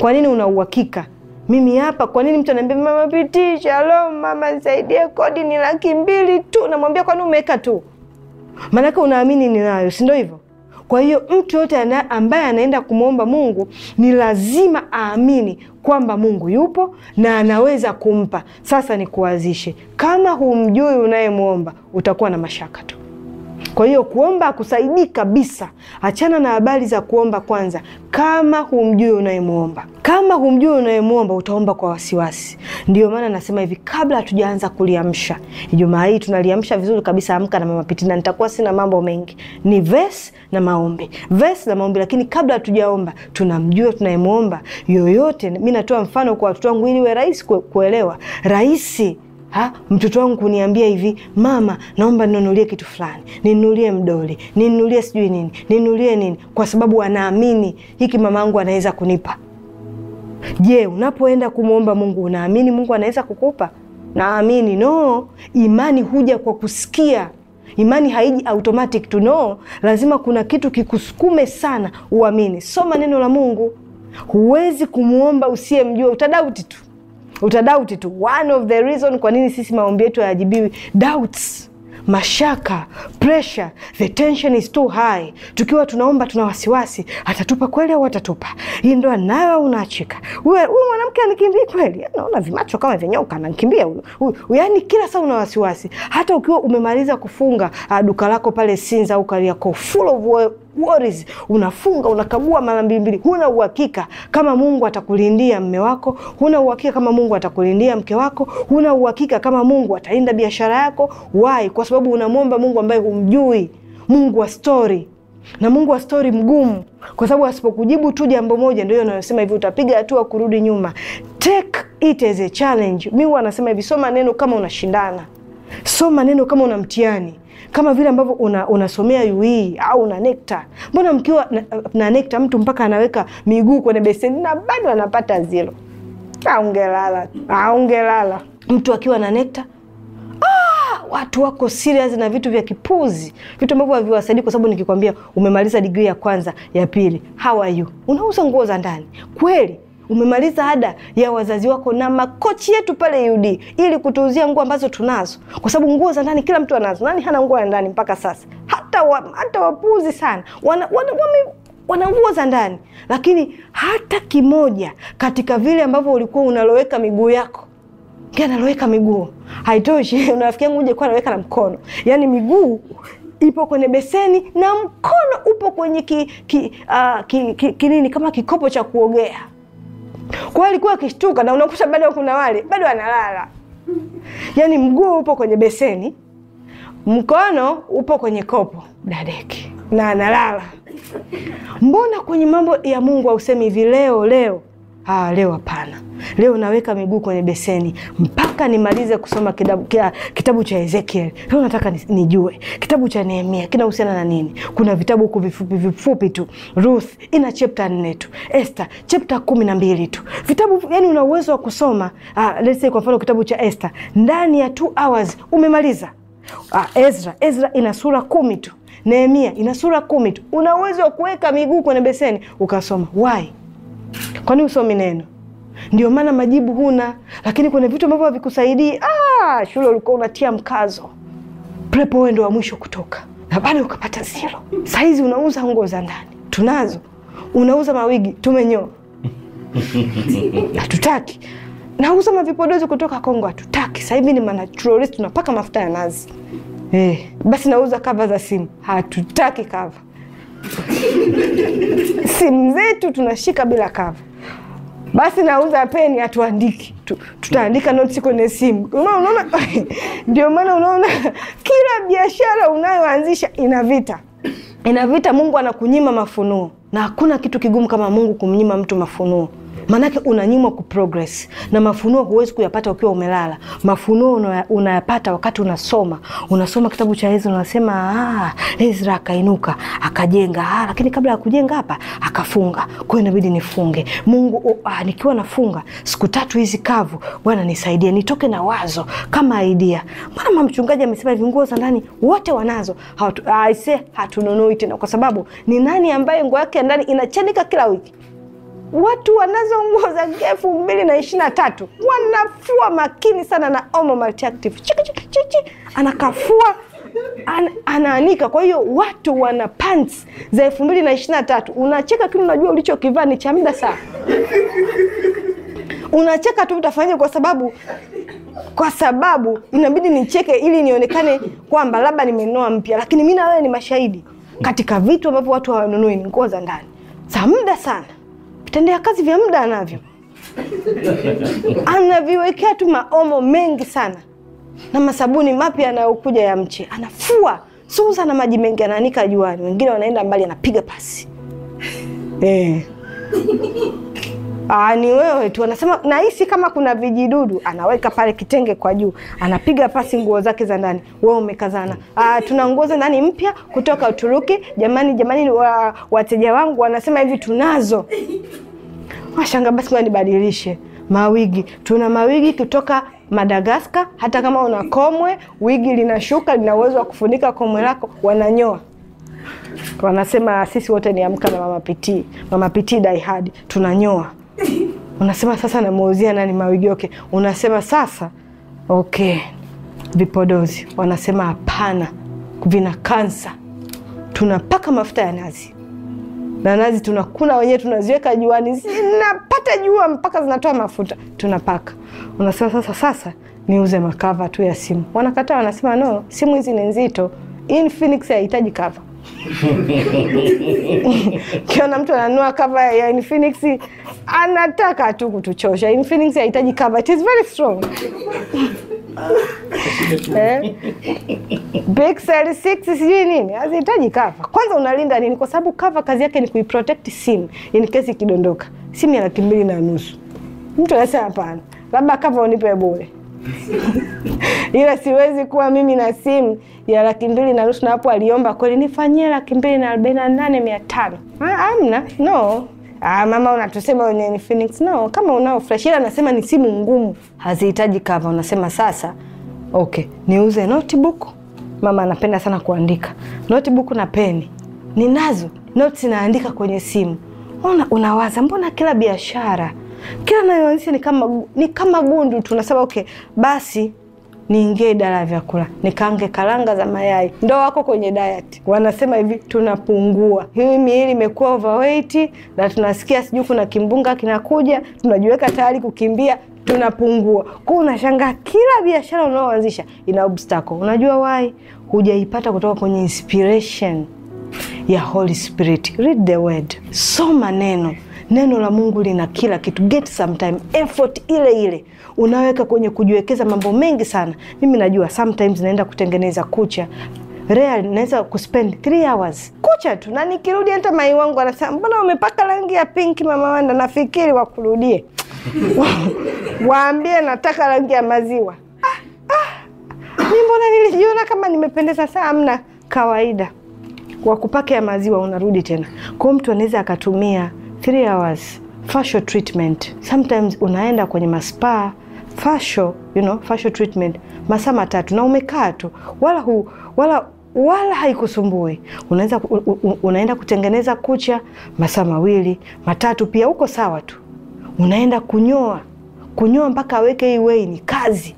Kwa nini una uhakika mimi hapa kwa nini mtu ananiambia mama pitisha lo mama nisaidie kodi ni laki mbili tu, namwambia kwani umeweka tu? Maanake unaamini ninayo, si ndio hivyo? Kwa hiyo mtu yote ambaye anaenda kumwomba Mungu ni lazima aamini kwamba Mungu yupo na anaweza kumpa. Sasa nikuwazishe, kama humjui unayemwomba utakuwa na mashaka tu. Kwa hiyo kuomba akusaidii kabisa, achana na habari za kuomba kwanza. Kama humjui unayemwomba, kama humjui unayemwomba, utaomba kwa wasiwasi. Ndio maana nasema hivi, kabla hatujaanza kuliamsha Ijumaa hii, tunaliamsha vizuri kabisa Amka na Mama Pitina. Nitakuwa sina mambo mengi, ni verse na maombi, verse na maombi. Lakini kabla hatujaomba, tunamjua tunayemwomba yoyote. Mi natoa mfano kwa watoto wangu ili iwe rahisi kuelewa, rahisi Ha, mtoto wangu kuniambia hivi, mama, naomba ninunulie kitu fulani, ninunulie mdoli, ninunulie sijui nini, ninunulie nini, kwa sababu anaamini hiki mama yangu anaweza kunipa. Je, unapoenda kumwomba Mungu unaamini Mungu anaweza kukupa? Naamini no. Imani huja kwa kusikia. Imani haiji automatic tu, no. Lazima kuna kitu kikusukume sana uamini. Soma neno la Mungu. Huwezi kumwomba usiyemjua, utadauti tu utadauti tu. One of the reason kwa nini sisi maombi yetu hayajibiwi, doubts mashaka, pressure, the tension is too high. Tukiwa tunaomba tuna wasiwasi, atatupa kweli au atatupa hii ndoa nayo au unaachika? Wewe huyu mwanamke anikimbii kweli? Yaani naona vimacho kama nyoka, anakimbia huyu. Yaani kila saa una wasiwasi, hata ukiwa umemaliza kufunga ah, duka lako pale Sinza au Kariakoo, full of worries, unafunga unakagua mara mbili mbili, huna uhakika kama Mungu atakulindia mme wako, huna uhakika kama Mungu atakulindia mke wako, huna uhakika kama Mungu atalinda biashara yako. Why? Kwa sababu unamwomba Mungu ambaye humjui, Mungu wa story na Mungu wa stori mgumu, kwa sababu asipokujibu tu jambo moja, ndio anayosema hivi, utapiga hatua kurudi nyuma. Take it as a challenge. Mi huwa anasema hivi, soma neno kama unashindana, soma neno kama una mtihani kama vile ambavyo una, unasomea UE au una nekta. Mbona mkiwa na, na nekta mtu mpaka anaweka miguu kwenye beseni na bado anapata zilo? Aungelala, aungelala mtu akiwa na nekta ah, watu wako serious na vitu vya kipuzi, vitu ambavyo haviwasaidii. Kwa sababu nikikwambia umemaliza digrii ya kwanza ya pili, how are you? Unauza nguo za ndani kweli? umemaliza ada ya wazazi wako na makochi yetu pale UD ili kutuuzia nguo ambazo tunazo, kwa sababu nguo za ndani kila mtu anazo. Nani hana nguo ya ndani mpaka sasa? Hata wa, hata wapuzi sana wana, wana, wame, wana nguo za ndani, lakini hata kimoja katika vile ambavyo ulikuwa unaloweka miguu yako analoweka miguu haitoshi. Rafiki (laughs) yangu uje kwa anaweka na mkono, yaani miguu ipo kwenye beseni na mkono upo kwenye ki, ki, uh, ah, ki, ki, ki, kinini kama kikopo cha kuogea. Kwa hiyo alikuwa akishtuka, na unakuta bado kuna wale bado analala, yaani mguu upo kwenye beseni, mkono upo kwenye kopo dadeki na analala. Mbona kwenye mambo ya Mungu hausemi hivi, leo leo Ah, leo hapana. Leo naweka miguu kwenye beseni mpaka nimalize kusoma kitabu, kia, kitabu cha Ezekiel. Leo nataka nijue kitabu cha Nehemia kinahusiana na nini. Kuna vitabu huku vifupi vifupi tu. Ruth ina chapter nne tu. Esther chapter kumi na mbili tu. Vitabu yani una uwezo wa kusoma ah, let's say kwa mfano kitabu cha Esther ndani ya two hours umemaliza. Ah, Ezra Ezra ina sura kumi tu. Nehemia ina sura kumi tu. Una uwezo wa kuweka miguu kwenye beseni ukasoma. Why? Kwani usomi neno? Ndio maana majibu huna, lakini kuna vitu ambavyo havikusaidii. Ah, shule ulikuwa unatia mkazo, prepo wewe ndo wa mwisho kutoka na bado ukapata zero. Saizi unauza nguo za ndani tunazo, unauza mawigi tumenyoa, (laughs) hatutaki nauza mavipodozi kutoka Kongo, hatutaki. Sasa hivi ni manaturalist, tunapaka mafuta ya nazi eh. Basi nauza kava za simu, hatutaki kava simu zetu tunashika bila kava. Basi nauza peni, hatuandiki, tutaandika noti kwenye simu. Unaona, (laughs) ndio maana unaona kila biashara unayoanzisha ina vita, ina vita. Mungu anakunyima mafunuo, na hakuna kitu kigumu kama Mungu kumnyima mtu mafunuo maanake unanyimwa kuprogress na mafunuo huwezi kuyapata ukiwa umelala. Mafunuo unayapata wakati unasoma, unasoma kitabu cha Ezra unasema ah, Ezra akainuka akajenga ah, lakini kabla ya kujenga hapa akafunga, kwa hiyo inabidi nifunge. Mungu oh, ah, nikiwa nafunga siku tatu hizi kavu, Bwana nisaidie nitoke na wazo kama idea. Mbona mama mchungaji amesema hivi, nguo za ndani wote wanazo, hatu, ah, hatununui tena, kwa sababu ni nani ambaye nguo yake ya ndani inachanika kila wiki? watu wanazo nguo za elfu mbili na ishirini na tatu wanafua makini sana na omo multi anakafua an, anaanika. Kwa hiyo watu wana pants za elfu mbili na ishirini na tatu unacheka kini, unajua ulichokivaa ni cha muda sana, unacheka tu utafanya kwa sababu kwa sababu inabidi nicheke ili nionekane kwamba labda nimenoa mpya, lakini mi na wewe ni mashahidi katika vitu ambavyo watu hawanunui ni nguo za ndani za muda sana vitendea kazi vya muda anavyo (laughs) anaviwekea tu maomo mengi sana na masabuni mapya yanayokuja ya mche, anafua suza na maji mengi, anaanika juani. Wengine wanaenda mbali, anapiga pasi (laughs) eh. Mm. Aa, ah, ni wewe tu anasema, nahisi kama kuna vijidudu. Anaweka pale kitenge kwa juu, anapiga pasi nguo zake za ndani, wewe umekazana. Mm. Aa, ah, tuna nguo za ndani mpya kutoka Uturuki. Jamani, jamani, wa, wateja wangu wanasema hivi, tunazo washanga. Basi ngoja nibadilishe mawigi. Tuna mawigi kutoka Madagaskar. Hata kama una komwe, wigi linashuka, lina uwezo wa kufunika komwe lako, wananyoa wanasema sisi wote ni amka na mama pitii, mama pitii daihadi tunanyoa unasema sasa namuuzia nani mawigoke unasema sasa okay, vipodozi. Wanasema hapana, vina kansa. Tunapaka mafuta ya nazi na nazi tunakuna wenyewe, tunaziweka juani, zinapata jua mpaka zinatoa mafuta, tunapaka. Unasema sasa, sasa niuze makava tu ya simu. Wanakataa, wanasema no, simu hizi ni nzito. Infinix haihitaji kava. (laughs) kiona mtu ananua kava ya Infinix anataka tu kutuchosha. Infinix haihitaji kava, it is very strong eh? Cell 6 sijui nini hazihitaji kava. Kwanza unalinda nini? Kwa sababu kava kazi yake ni kuiprotect simu in case ikidondoka. Simu ya laki mbili na nusu, mtu anasema hapana, labda kava unipe bure. (laughs) ila siwezi kuwa mimi na simu ya laki mbili na nusu na hapo aliomba kweli nifanyie laki mbili na arobaini na nane mia tano ah, amna no Ah, mama unatusema ni Phoenix no, kama unao fresh, ila nasema ni simu ngumu, hazihitaji cover. Unasema sasa, okay, niuze notebook. Mama anapenda sana kuandika, notebook na peni ninazo, notes naandika kwenye simu. Ona, unawaza mbona kila biashara kila nayoanzisha ni kama, ni kama gundu tu. Nasema okay, basi niingie idara ya vyakula nikaange karanga za mayai. Ndo wako kwenye diet, wanasema hivi tunapungua. Hii miili imekuwa overweight na tunasikia sijui kuna kimbunga kinakuja, tunajiweka tayari kukimbia, tunapungua. Kwa unashangaa kila biashara unaoanzisha ina obstacle. Unajua why? Hujaipata kutoka kwenye inspiration ya Holy Spirit. Read the word, soma neno Neno la Mungu lina kila kitu. Get sometime effort ile ile unaweka kwenye kujiwekeza mambo mengi sana. Mimi najua sometimes naenda kutengeneza kucha Real naweza kuspend 3 hours kucha tu, na nikirudi hata mai wangu anasema mbona umepaka rangi ya pinki mama Wanda? Nafikiri wakurudie (laughs) waambie nataka rangi ya maziwa. Ah, ah. mi mbona nilijiona kama nimependeza saa amna kawaida wakupake ya maziwa, unarudi tena kwao. Mtu anaweza akatumia 3 hours facial treatment. Sometimes unaenda kwenye maspa facial, you know, facial treatment masaa matatu na umekaa tu, wala hu, wala wala haikusumbui. Unaweza unaenda kutengeneza kucha masaa mawili matatu, pia uko sawa tu. Unaenda kunyoa kunyoa mpaka aweke hii wei, ni kazi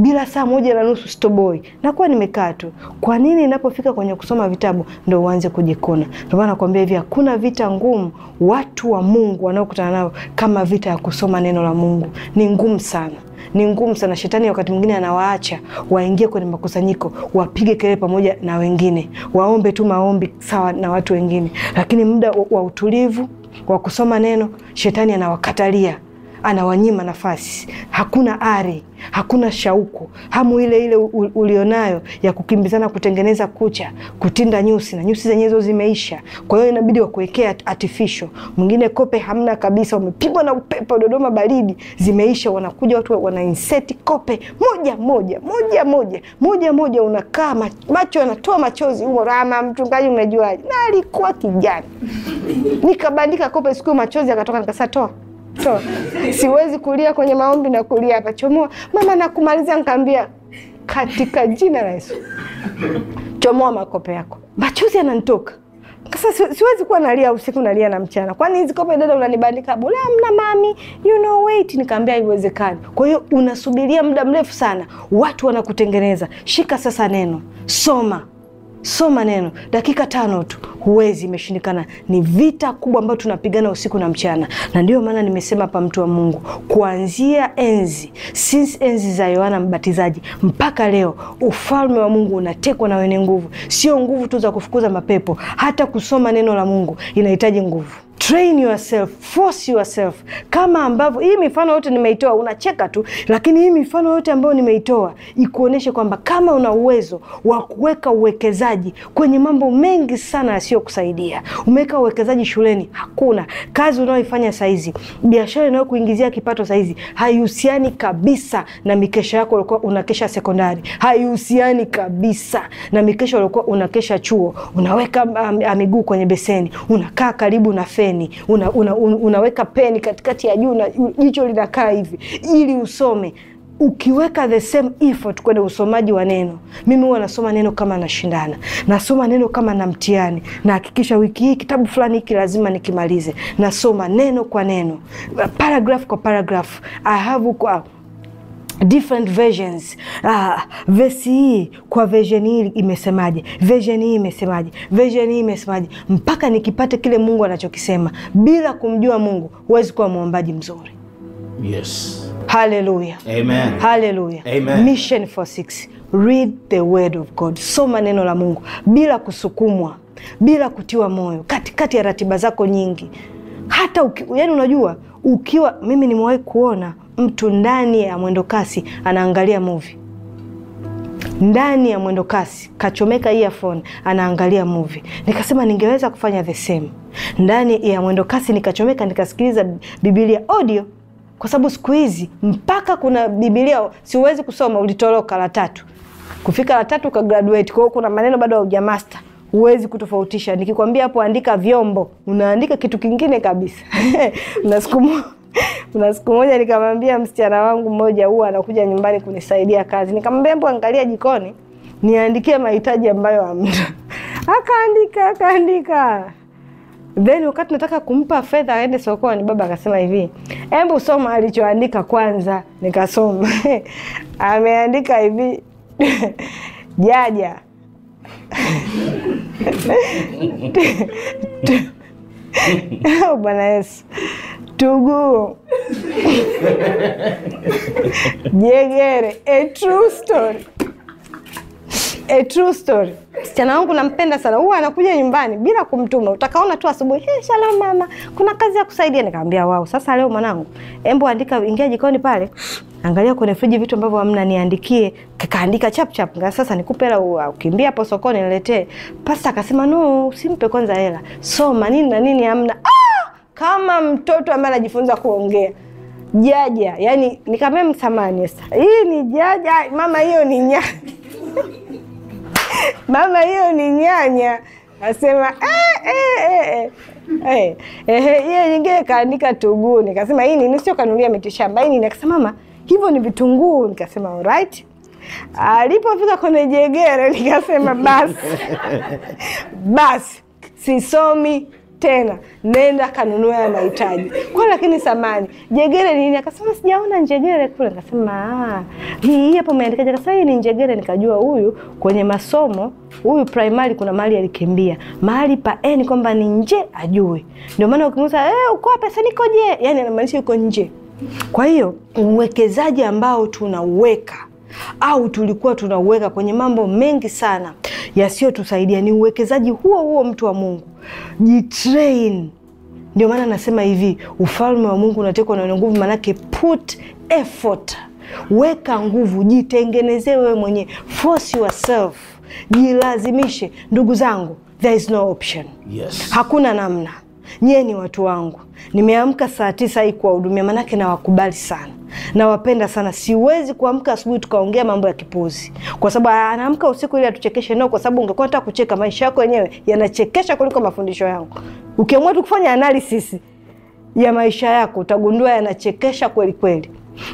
bila saa moja na nusu stoboi, nakuwa nimekaa tu. Kwa nini inapofika kwenye kusoma vitabu ndo uanze kujikuna? Ndio maana nakwambia hivi, hakuna vita ngumu watu wa Mungu wanaokutana nao kama vita ya kusoma neno la Mungu. Ni ngumu sana ni ngumu sana. Shetani wakati mwingine anawaacha waingie kwenye makusanyiko, wapige kelele pamoja na wengine, waombe tu maombi sawa na watu wengine, lakini muda wa utulivu wa kusoma neno shetani anawakatalia anawanyima nafasi, hakuna ari, hakuna shauku, hamu ile ile ulionayo ya kukimbizana, kutengeneza kucha, kutinda nyusi, na nyusi zenyewe hizo zimeisha. Kwa hiyo inabidi wakuwekea artificial. Mwingine kope hamna kabisa, umepigwa na upepo, Dodoma baridi, zimeisha. Wanakuja watu wana insert kope moja moja moja moja moja moja, unakaa macho yanatoa machozi. Umo Rama mchungaji, unajuaje? Na alikuwa kijana, nikabandika kope siku, machozi akatoka, nikasatoa So siwezi kulia kwenye maombi na kulia hapa. Chomoa mama, nakumalizia. Nkaambia katika jina la Yesu, chomoa makope yako. Machozi yananitoka sasa siwezi kuwa nalia usiku nalia na mchana. Kwani hizi kope dada unanibandika bure? amna mami, you know wait. Nikaambia haiwezekani. Kwa hiyo unasubiria muda mrefu sana, watu wanakutengeneza. Shika sasa neno, soma so maneno dakika tano tu, huwezi, imeshindikana. Ni vita kubwa ambayo tunapigana usiku na mchana, na ndiyo maana nimesema hapa, mtu wa Mungu, kuanzia enzi since enzi za Yohana Mbatizaji mpaka leo, ufalme wa Mungu unatekwa na wenye nguvu. Sio nguvu tu za kufukuza mapepo, hata kusoma neno la Mungu inahitaji nguvu train yourself, force yourself. Kama ambavyo hii mifano yote nimeitoa, unacheka tu, lakini hii mifano yote ambayo nimeitoa ikuonyeshe kwamba kama una uwezo wa kuweka uwekezaji kwenye mambo mengi sana yasiyokusaidia, umeweka uwekezaji shuleni, hakuna kazi unayoifanya saizi, biashara inayokuingizia kipato saizi haihusiani kabisa na mikesha yako ulikuwa unakesha sekondari, haihusiani kabisa na mikesha ulikuwa unakesha chuo, unaweka um, um, miguu kwenye beseni, unakaa karibu na feni peni una, una, una, unaweka peni katikati ya juu na jicho linakaa hivi ili usome ukiweka the same effort kwenye usomaji wa neno. Mimi huwa nasoma neno kama nashindana, nasoma neno kama na mtihani, nahakikisha wiki hii kitabu fulani hiki lazima nikimalize. Nasoma neno kwa neno, paragraph kwa paragraph. I have kwa different versions. Ah, vesi hii kwa version hii imesemaje? Version hii imesemaje? Version hii imesemaje? Mpaka nikipate kile Mungu anachokisema. Bila kumjua Mungu huwezi kuwa mwombaji mzuri. Yes. Haleluya, Amen. Haleluya, Amen. Mission for six. Read the word of God. Soma neno la Mungu bila kusukumwa, bila kutiwa moyo, katikati ya ratiba zako nyingi. Hata uki, yani unajua ukiwa mimi nimewahi kuona mtu ndani ya mwendokasi anaangalia movie ndani ya mwendo kasi kachomeka earphone anaangalia movie. Nikasema ningeweza kufanya the same ndani ya mwendo kasi, nikachomeka nikasikiliza Biblia audio, kwa sababu siku hizi mpaka kuna Biblia siwezi kusoma, ulitoroka la tatu kufika la tatu ka graduate. Kwa hiyo kuna maneno bado haujamaster huwezi kutofautisha. Nikikwambia hapo andika vyombo, unaandika kitu kingine kabisa (laughs) na siku (laughs) kuna siku moja nikamwambia msichana wangu mmoja, huwa anakuja nyumbani kunisaidia kazi, nikamwambia mbona angalia jikoni niandikie mahitaji ambayo hamna. (laughs) Akaandika, akaandika then wakati nataka kumpa fedha aende sokoni, baba akasema hivi, hebu soma alichoandika kwanza. Nikasoma (laughs) ameandika hivi jaja oh, Bwana Yesu Tugu. Jegere, a true story. A true story. Msichana wangu nampenda sana, huwa anakuja nyumbani bila kumtuma, utakaona tu asubuhi, hey, shalom mama, kuna kazi ya kusaidia. Nikamwambia wao, sasa leo mwanangu, embo andika, ingia jikoni pale, angalia kwenye friji vitu ambavyo hamna, niandikie. Kakaandika chap chap, Ngasa sasa nikupe hela, ukimbia hapo sokoni niletee. Pasta akasema no, usimpe kwanza hela, soma nini na nini, hamna ah! kama mtoto ambaye anajifunza kuongea jaja, yani nikamwambia msamani, sasa hii ni jaja mama, hiyo ni nyanya (laughs) mama, hiyo ni nyanya. Asema eh, eh, eh, eh, eh nyingine kaandika tuguu. Nikasema hii nini, sio kanulia mitishamba hii nini? Akasema mama, hivyo ni vitunguu. Nikasema alright. Alipofika kwenye jegere, (laughs) nikasema basi (laughs) basi, sisomi tena nenda kanunue ya mahitaji kwa lakini samani jegere nini? Akasema sijaona njegere kule. Nikasema ah, hii hapo imeandikaje? Akasema hii ni njegere. Nikajua huyu kwenye masomo huyu primary kuna mahali alikimbia mahali pa e, ni kwamba ni nje ajue. Ndio maana ukimuuliza eh, uko wapi sasa, niko je, yani anamaanisha yuko nje. Kwa hiyo uwekezaji ambao tunauweka au tulikuwa tunauweka kwenye mambo mengi sana yasiyotusaidia ni uwekezaji huo huo, mtu wa Mungu jitrain. Ndio maana nasema hivi, ufalme wa Mungu unatekwa na wenye nguvu, maanake put effort, weka nguvu, jitengenezee wewe mwenyewe, force yourself, jilazimishe. Ndugu zangu, there is no option. Yes. Hakuna namna. Nyie ni watu wangu, nimeamka saa tisa hii kuwahudumia, maanake nawakubali sana nawapenda sana. Siwezi kuamka asubuhi tukaongea mambo ya kipuzi, kwa sababu anaamka ah, usiku ili atuchekeshe nao, kwa sababu ungekuwa unataka kucheka. Maisha yako yenyewe yanachekesha kuliko mafundisho yangu. Ukiamua tu kufanya analysis ya maisha yako, utagundua yanachekesha kweli kweli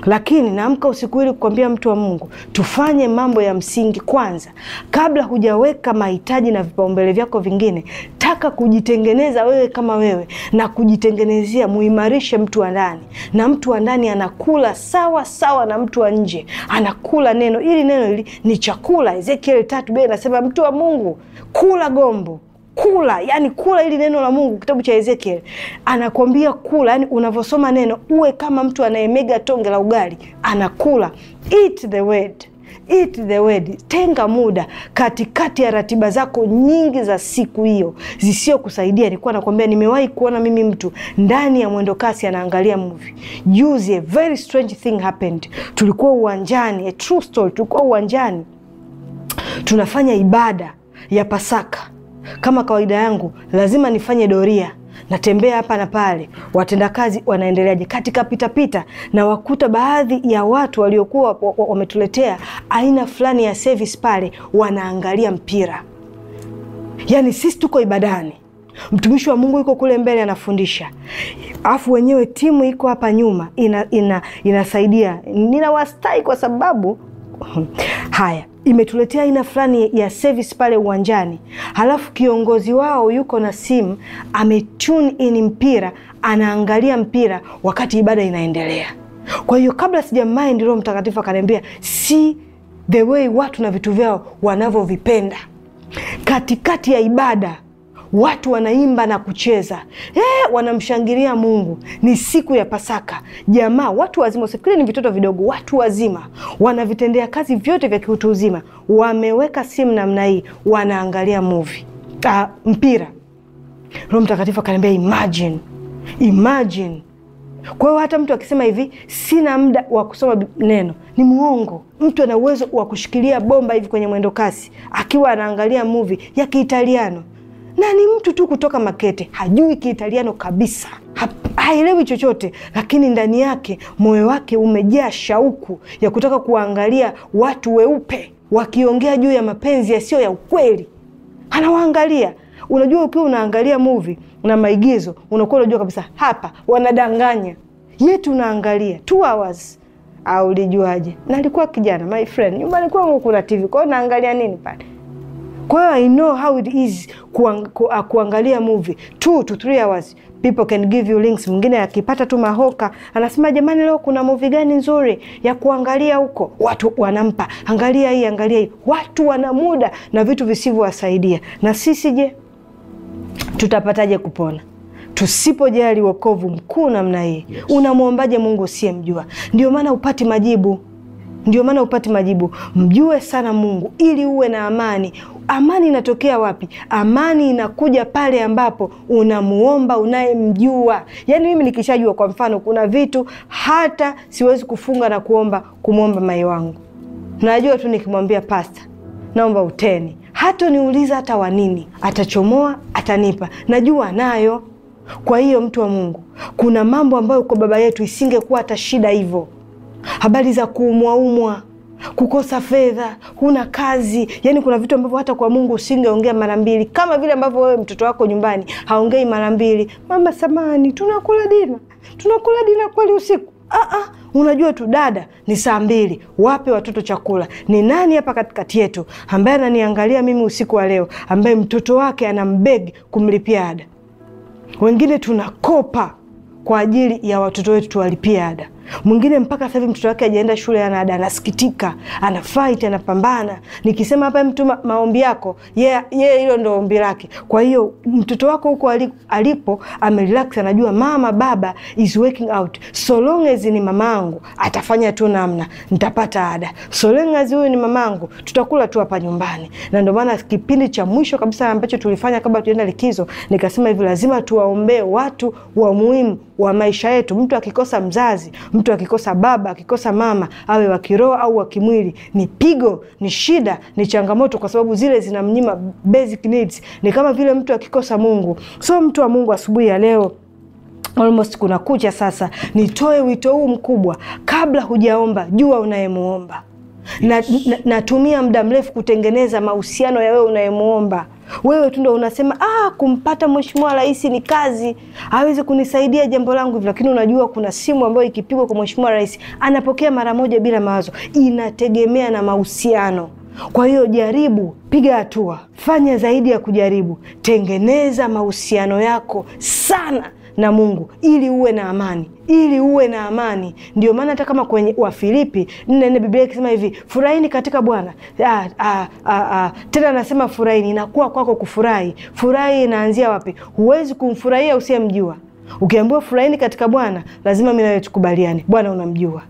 lakini naamka usiku ili kukwambia mtu wa Mungu, tufanye mambo ya msingi kwanza. Kabla hujaweka mahitaji na vipaumbele vyako vingine, taka kujitengeneza wewe kama wewe na kujitengenezea, muimarishe mtu wa ndani, na mtu wa ndani anakula sawa sawa na mtu wa nje, anakula neno. Ili neno hili ni chakula. Ezekieli tatu be inasema, mtu wa Mungu, kula gombo kula, yani kula ili neno la Mungu, kitabu cha Ezekiel anakwambia kula, yani unavyosoma neno uwe kama mtu anayemega tonge la ugali anakula. Eat the word. Eat the word. Tenga muda katikati ya ratiba zako nyingi za siku hiyo zisiyokusaidia. Nilikuwa nakwambia, nimewahi kuona mimi mtu ndani ya mwendo kasi anaangalia movie. Juzi a very strange thing happened. Tulikuwa uwanjani, a true story, tulikuwa uwanjani tunafanya ibada ya Pasaka kama kawaida yangu, lazima nifanye doria, natembea hapa na pale, watendakazi wanaendeleaje. Katika pitapita na wakuta baadhi ya watu waliokuwa wametuletea aina fulani ya service pale, wanaangalia mpira. Yaani sisi tuko ibadani, mtumishi wa Mungu yuko kule mbele anafundisha, afu wenyewe timu iko hapa nyuma ina, ina, inasaidia. Ninawastai kwa sababu (laughs) haya imetuletea aina fulani ya service pale uwanjani, halafu kiongozi wao yuko na simu ametune in mpira, anaangalia mpira wakati ibada inaendelea. Kwa hiyo kabla sijamind, Roho Mtakatifu akaniambia si the way watu na vitu vyao wanavyovipenda katikati ya ibada watu wanaimba na kucheza eh, wanamshangilia Mungu. Ni siku ya Pasaka, jamaa, watu wazima, usifikiri ni vitoto vidogo, watu wazima wanavitendea kazi vyote vya kiutu uzima, wameweka simu namna hii, wanaangalia movie ah, mpira. Roho Mtakatifu akaniambia imagine, imagine. Kwa hiyo hata mtu akisema hivi sina muda wa kusoma neno ni mwongo. Mtu ana uwezo wa kushikilia bomba hivi kwenye mwendo kasi akiwa anaangalia movie ya Kiitaliano na ni mtu tu kutoka Makete, hajui Kiitaliano kabisa, haelewi chochote, lakini ndani yake moyo wake umejaa shauku ya kutaka kuwaangalia watu weupe wakiongea juu ya mapenzi yasiyo ya ukweli. Anawaangalia. Unajua, ukiwa unaangalia movie na maigizo unakuwa unajua kabisa hapa wanadanganya. Ye tunaangalia two hours au lijuaje? kijana my friend, nyumba alikuwa kuna TV, kwao, naangalia nini pale? Kwa hiyo I know how it is kuang, ku, uh, kuangalia movie two to three hours. People can give you links. Mwingine akipata tu mahoka anasema jamani, leo kuna movie gani nzuri ya kuangalia huko, watu wanampa, angalia hii, angalia hii. Watu wana muda na vitu visivyowasaidia. Na sisi je, tutapataje kupona tusipojali wokovu mkuu namna hii? Yes. Unamwombaje Mungu usiyemjua? Ndio maana upati majibu ndio maana upate majibu. Mjue sana Mungu ili uwe na amani, Amani inatokea wapi? Amani inakuja pale ambapo unamuomba unayemjua. Yaani mimi nikishajua, kwa mfano, kuna vitu hata siwezi kufunga na kuomba kumwomba mai wangu, najua tu nikimwambia pasta, naomba uteni, hata niuliza hata wanini, atachomoa atanipa, najua nayo. Kwa hiyo mtu wa Mungu, kuna mambo ambayo kwa baba yetu isingekuwa hata shida hivyo, habari za kuumwaumwa kukosa fedha, huna kazi. Yani kuna vitu ambavyo hata kwa Mungu usingeongea mara mbili, kama vile ambavyo wewe mtoto wako nyumbani haongei mara mbili, mama samani, tunakula dina, tunakula dina kweli usiku Aa, unajua tu dada, ni saa mbili, wape watoto chakula. Ni nani hapa katikati yetu ambaye ananiangalia mimi usiku wa leo, ambaye mtoto wake anambeg kumlipia ada? Wengine tunakopa kwa ajili ya watoto wetu tuwalipie ada. Mwingine mpaka sasa hivi mtoto wake ajaenda shule, anada anasikitika, ana fight, anapambana. Nikisema hapa mtu ma maombi yako yeye, yeah, yeah, ndo ombi lake. Kwa hiyo mtoto wako huko alipo amerelax, anajua mama baba is working out, so long as ni mamangu atafanya tu namna nitapata ada, so long as huyu ni mamangu tutakula tu hapa nyumbani. Na ndio maana kipindi cha mwisho kabisa ambacho tulifanya kabla tuenda likizo, nikasema hivi, lazima tuwaombee watu wa muhimu wa maisha yetu. Mtu akikosa mzazi Mtu akikosa baba, akikosa mama, awe wa kiroho au wa kimwili, ni pigo, ni shida, ni changamoto, kwa sababu zile zinamnyima basic needs. Ni kama vile mtu akikosa Mungu. So mtu wa Mungu, asubuhi ya leo almost kuna kucha sasa, nitoe wito huu mkubwa, kabla hujaomba jua unayemuomba. Natumia na, na muda mrefu kutengeneza mahusiano ya wewe unayemuomba wewe tu ndo unasema ah, kumpata mheshimiwa rais ni kazi, aweze kunisaidia jambo langu hivi. Lakini unajua kuna simu ambayo ikipigwa kwa mheshimiwa rais anapokea mara moja bila mawazo. Inategemea na mahusiano. Kwa hiyo jaribu, piga hatua, fanya zaidi ya kujaribu, tengeneza mahusiano yako sana na Mungu ili uwe na amani ili uwe na amani. Ndio maana hata kama kwenye Wafilipi nne nne Biblia ikisema hivi furahini katika Bwana, ah, ah, ah, tena anasema furahini, inakuwa kwako kufurahi. Furahi inaanzia wapi? Huwezi kumfurahia usiyemjua. Ukiambiwa furahini katika Bwana, lazima mimi nawe tukubaliane, Bwana unamjua.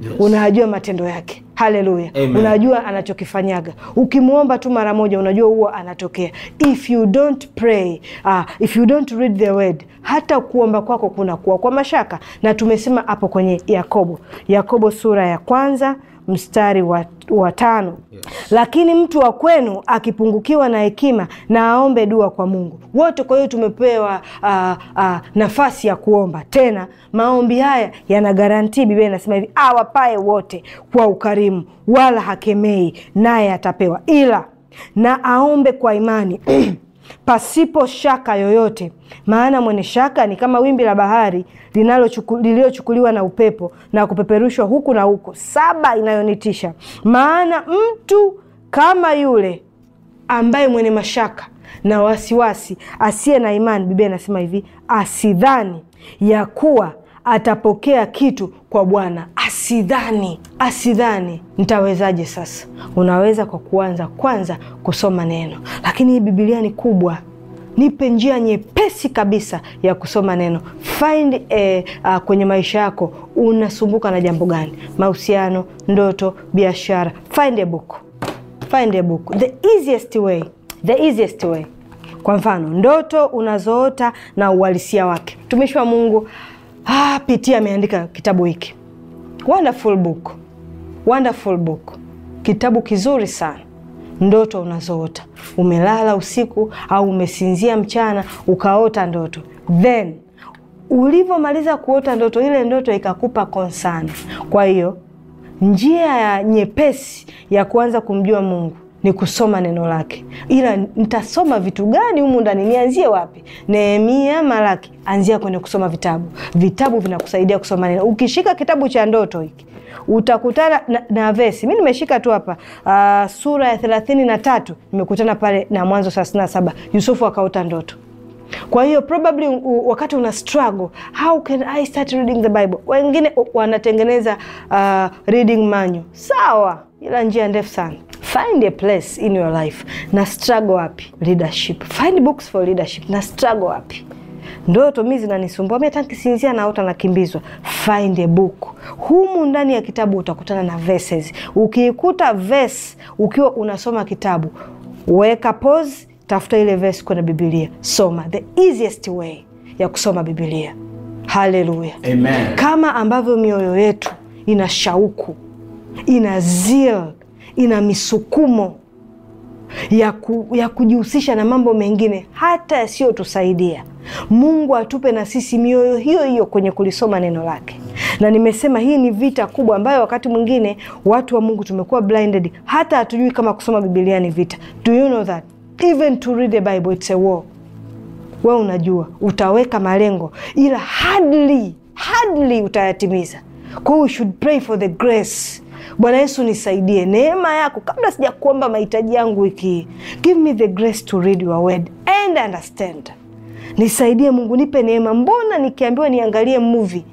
Yes. Unajua matendo yake. Haleluya. Unajua anachokifanyaga. Ukimwomba tu mara moja unajua huwa anatokea. If you don't pray, uh, if you don't read the word, hata kuomba kwako kunakuwa kwa mashaka. Na tumesema hapo kwenye Yakobo. Yakobo sura ya kwanza mstari wa, wa tano. Yes. Lakini mtu wa kwenu akipungukiwa na hekima na aombe dua kwa Mungu wote. Kwa hiyo tumepewa uh, uh, nafasi ya kuomba tena. Maombi haya yana garantii, Biblia inasema hivi, awapae wote kwa ukarimu, wala hakemei, naye atapewa, ila na aombe kwa imani (clears throat) pasipo shaka yoyote, maana mwenye shaka ni kama wimbi la bahari lililochukuliwa na upepo na kupeperushwa huku na huku Saba inayonitisha, maana mtu kama yule ambaye mwenye mashaka na wasiwasi, asiye na imani, Biblia inasema hivi, asidhani ya kuwa atapokea kitu kwa Bwana, asidhani asidhani nitawezaje. Sasa unaweza kwa kuanza kwanza kusoma neno, lakini hii Biblia ni kubwa. Nipe njia nyepesi kabisa ya kusoma neno. Find a, eh, a, ah, kwenye maisha yako unasumbuka na jambo gani? Mahusiano, ndoto, biashara. Find a book, find a book, the easiest way, the easiest way. Kwa mfano ndoto unazoota na uhalisia wake, mtumishi wa Mungu Ah, Pitia ameandika kitabu hiki wonderful book, wonderful book, kitabu kizuri sana. Ndoto unazoota umelala usiku au umesinzia mchana ukaota ndoto then ulivyomaliza kuota ndoto ile, ndoto ikakupa concern. Kwa hiyo njia ya nyepesi ya kuanza kumjua Mungu ni kusoma neno lake, ila nitasoma vitu gani humu ndani? Nianzie wapi? Nehemia, Malaki, anzia kwenye kusoma vitabu. Vitabu vinakusaidia kusoma neno. Ukishika kitabu cha ndoto hiki utakutana na, na vesi. Mi nimeshika tu hapa uh, sura ya thelathini na tatu nimekutana pale na Mwanzo thelathini na saba Yusufu akaota ndoto. Kwa hiyo probably u, wakati una struggle how can I start reading the Bible, wengine wanatengeneza uh, reading manual sawa ila njia ndefu sana. Find a place in your life na struggle wapi? Leadership. Find books for leadership na struggle wapi? Ndoto mimi zinanisumbua mimi, hata nikisinzia naota nakimbizwa. Find a book. Humu ndani ya kitabu utakutana na verses. Ukiikuta verse ukiwa unasoma kitabu, weka pause, tafuta ile verse kwenye Biblia, soma. The easiest way ya kusoma Biblia. Haleluya, amen. Kama ambavyo mioyo yetu ina shauku ina zeal, ina misukumo ya, ku, ya kujihusisha na mambo mengine hata yasiyotusaidia. Mungu atupe na sisi mioyo hiyo hiyo kwenye kulisoma neno lake. Na nimesema hii ni vita kubwa ambayo wakati mwingine watu wa Mungu tumekuwa blinded, hata hatujui kama kusoma Biblia ni vita. Do you know that even to read the Bible it's a war? We unajua utaweka malengo ila hardly, hardly utayatimiza. Kwa hiyo we should pray for the grace Bwana Yesu nisaidie, neema yako, kabla sijakuomba mahitaji yangu wiki hii, give me the grace to read your word and understand. Nisaidie Mungu, nipe neema. Mbona nikiambiwa niangalie movie,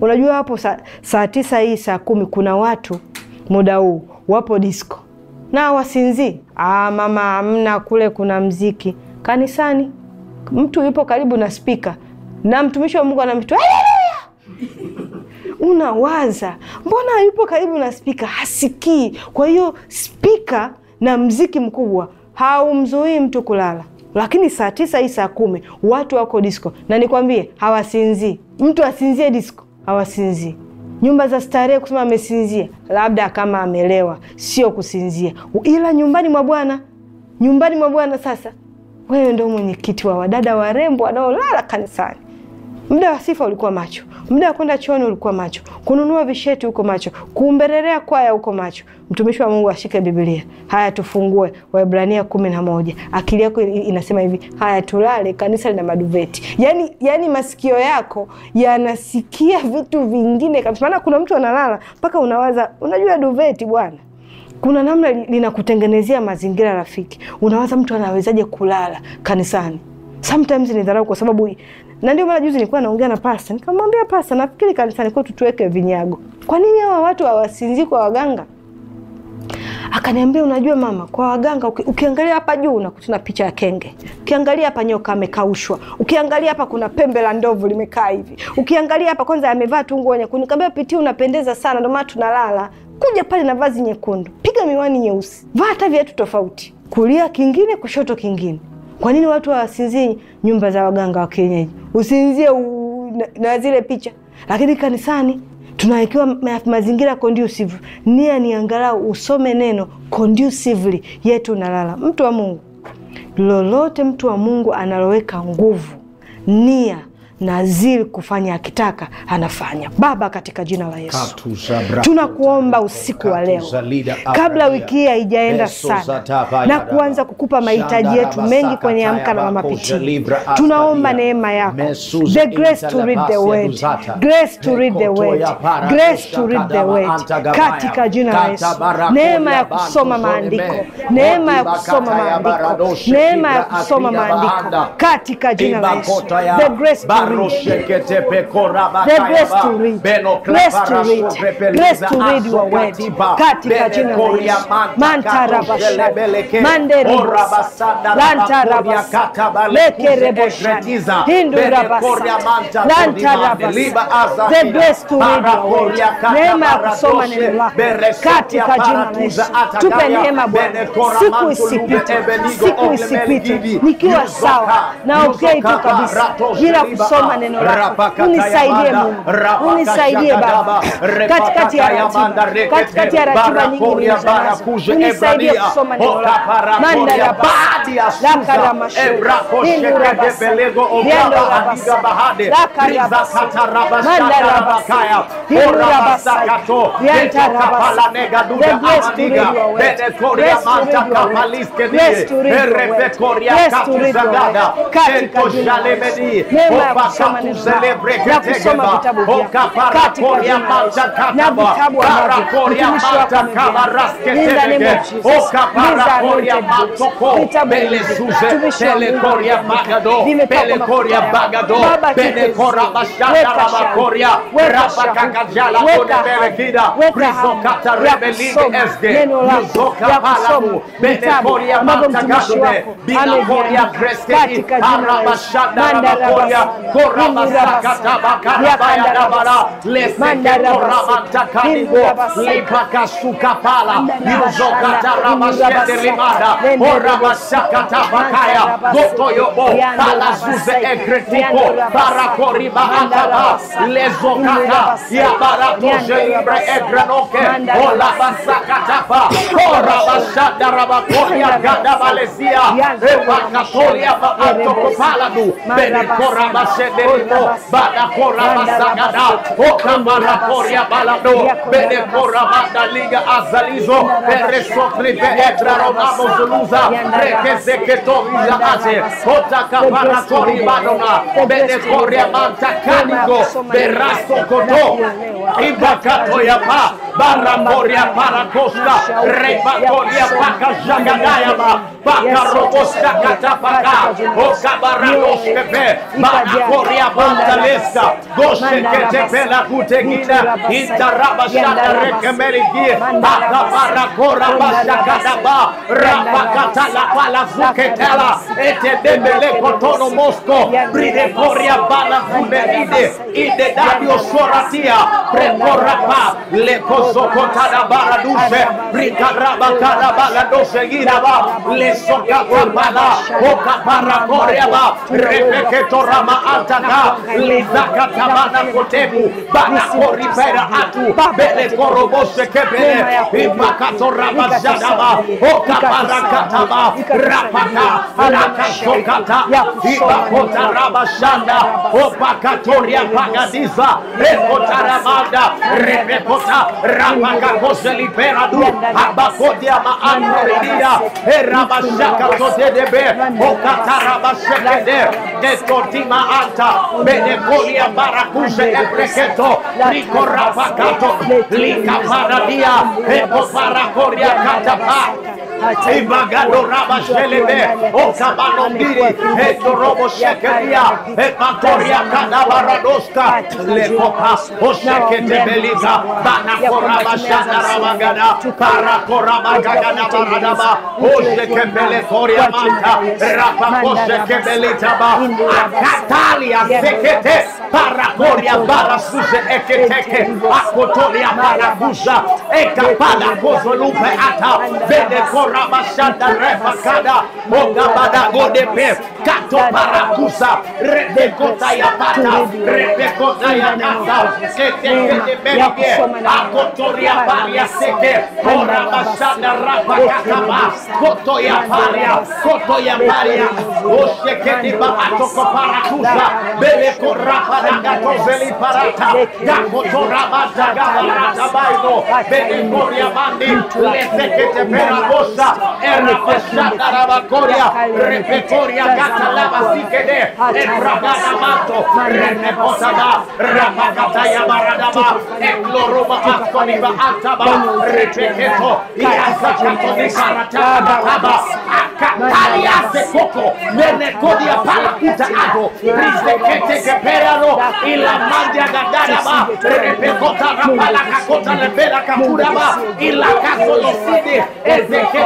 unajua hapo saa, saa tisa hii saa kumi kuna watu muda huu wapo disco na wasinzii. Ah, mama amna kule, kuna mziki kanisani, mtu yupo karibu na spika na mtumishi wa Mungu anamtoa unawaza, mbona yupo karibu na spika hasikii? Kwa hiyo spika na mziki mkubwa haumzuii mtu kulala, lakini saa tisa hii saa kumi watu wako disko, na nikwambie hawasinzii. Mtu asinzie disko, hawasinzii nyumba za starehe kusema amesinzia, labda kama amelewa, sio kusinzia. Ila nyumbani mwa bwana, nyumbani mwa bwana. Sasa wewe ndo mwenyekiti wa wadada warembo wanaolala kanisani. Muda wa sifa ulikuwa macho, muda wa kwenda chooni ulikuwa macho, kununua visheti huko macho, kuumbelelea kwaya huko macho. Mtumishi wa Mungu ashike Biblia. Haya, tufungue Waebrania kumi na moja. Akili yako inasema hivi, haya tulale, kanisa lina maduveti. Yani, yani masikio yako yanasikia vitu vingine kabisa. Maana kuna mtu analala mpaka unawaza, unajua duveti bwana kuna namna linakutengenezea mazingira rafiki. Unawaza mtu anawezaje kulala kanisani? Sometimes ni dharau, kwa sababu na ndio maana juzi nilikuwa naongea na pasta, nikamwambia pasta, nafikiri kanisani kwetu tuweke vinyago. Kwa nini hawa watu hawasinzii kwa waganga? Akaniambia, unajua mama, kwa waganga uki, ukiangalia hapa juu unakutana picha ya kenge, ukiangalia hapa nyoka amekaushwa, ukiangalia hapa kuna pembe la ndovu limekaa hivi, ukiangalia hapa kwanza amevaa tu nguo nyekundu. Nikamwambia, Pitii, unapendeza sana, ndio maana tunalala. Kuja pale na vazi nyekundu, piga miwani nyeusi, vaa hata viatu tofauti, kulia kingine, kushoto kingine kwa nini watu hawasinzie nyumba za waganga wa kienyeji? Usinzie na, na zile picha, lakini kanisani tunawekewa mazingira conducive. Nia ni angalau usome neno conducively, yetu nalala Mtu wa Mungu, lolote mtu wa Mungu analoweka nguvu, nia naziri kufanya akitaka anafanya. Baba, katika jina la Yesu tunakuomba usiku wa leo, kabla wiki hii haijaenda sana na kuanza kukupa mahitaji yetu mengi kwenye Amka na mapitii, tunaomba neema yako, the grace to read the word, grace to read the word, grace to read the word, katika jina la Yesu, neema ya kusoma maandiko, neema ya kusoma maandiko, neema ya kusoma maandiko, katika jina la Yesu, the grace read. Grace to read. Grace to read your word. Katika jina la Yesu. Manta rabasha. Mande rabasa. Lanta rabasa. E Hindu rabasa. Lanta rabasa. The grace to read your word. Neema ya kusoma neno lako. Katika jina Yesu. Tupe neema Bwana. Siku isipite. Siku isipite. Nikiwa sawa na okay tu kabisa. Bila kusoma kusoma neno lako. Unisaidie Mungu, unisaidie Baba, katikati ya ratiba, katikati ya ratiba nyingi nilizonazo, unisaidie kusoma neno lako. manda ya Grace to read your word. Grace to read your word. Katika jina la Yesu. Neema kutamka kuselebrate na kusoma vitabu katika jina la Yesu na vitabu ambavyo mtumishi wako amevina name of Jesus vitabu mtumishi wako vimepakwa Baba neno lako ya kusoma vitabu ambavyo mtumishi wako amevina katika jina la Yesu Ora Bedelimo, Badakora Basagada, Okamara Coria Balado, Bedecora Bada Liga Azalizo, Peresocri Pedra Romamos Luza, Requezequeto Vila Aze, Otacapara Coribadona, Bedecoria Manta Canigo, Berraso Cotó, Ibacatoiapá, Barramoria Paracosta, Rebacoria Paca Jagadaiaba, Paca Robosta Catapacá, Ocabaranostepe, Manaco fortaleza, goce que te pela cuteguina, intarabasata rekemerigi, bata para cora basa cadaba, rapacata la pala zuquetela, ete dembele kotono mosco, bride coria bala fumeride, ide dadio soratia, precorrapa, le coso cotada bara dulce, bricaraba cadabala doce guiraba, le socapa bala, oca para coreaba, repequetorama kataka lizakatabana kotebu banakoribera atu belekoroboshekepe imakatorabashadaba okabarakataba rapata lakasokata ibakotarabashanda opakatoria pagadiza ekotarabanda rebekota rapakakoselibera abakodia maanoridia erabashakatodedebe okatarabashekede nekotima Santa, Menecolia Baracuse Ebreketo, Lico Rabacato, Lica Paradia, Epo Paracoria Catapa, Imagado Raba Shelebe, O Zabano Miri, Eto Robo Shekelia, Ematoria Kadabaradoska, Lekopa, O Shekete Beliza, Banakoraba Shandarabagada, Parakoraba Gagana Baradaba, O Shekebele Koria Manta, Rapako Shekebelitaba, Akatalia Sekete, Parakoria Barasuse Eketeke, Akotoria Barabusa, Ekapala Kozolupe Ata, Bedekoria. go Ramashanda Refakada, Ogabada Godepe, Kato Paracusa, Rebecotaya Pata, Rebecotaya Nasa, Sete de a Agotoria Paria Sete, Oramashanda Rapakataba, Kotoya Paria, Kotoya Paria, Oshekete Babatoko Paracusa, Beleco Rapadaga Tozeli Parata, Dakoto Rabata Gabarata Baino, Belecoria Bandi, Lesete Perabosa. Rosa, Erfesa, Tarabacoria, Repecoria, Catalaba, Siquede, Errabanamato, Reneposada, Ramacataya, Baradaba, Ecloroba, ba Ataba, Repequeto, Iacachato de Carataba, Raba, Acatalia, Secoco, Menecodia, Palacuta, Ago, Rizequete, Queperado, y la Mandia, Gadaraba, Repecota, Rapalacacota, Lepera, Capuraba, y la Casolocide, Ezequiel.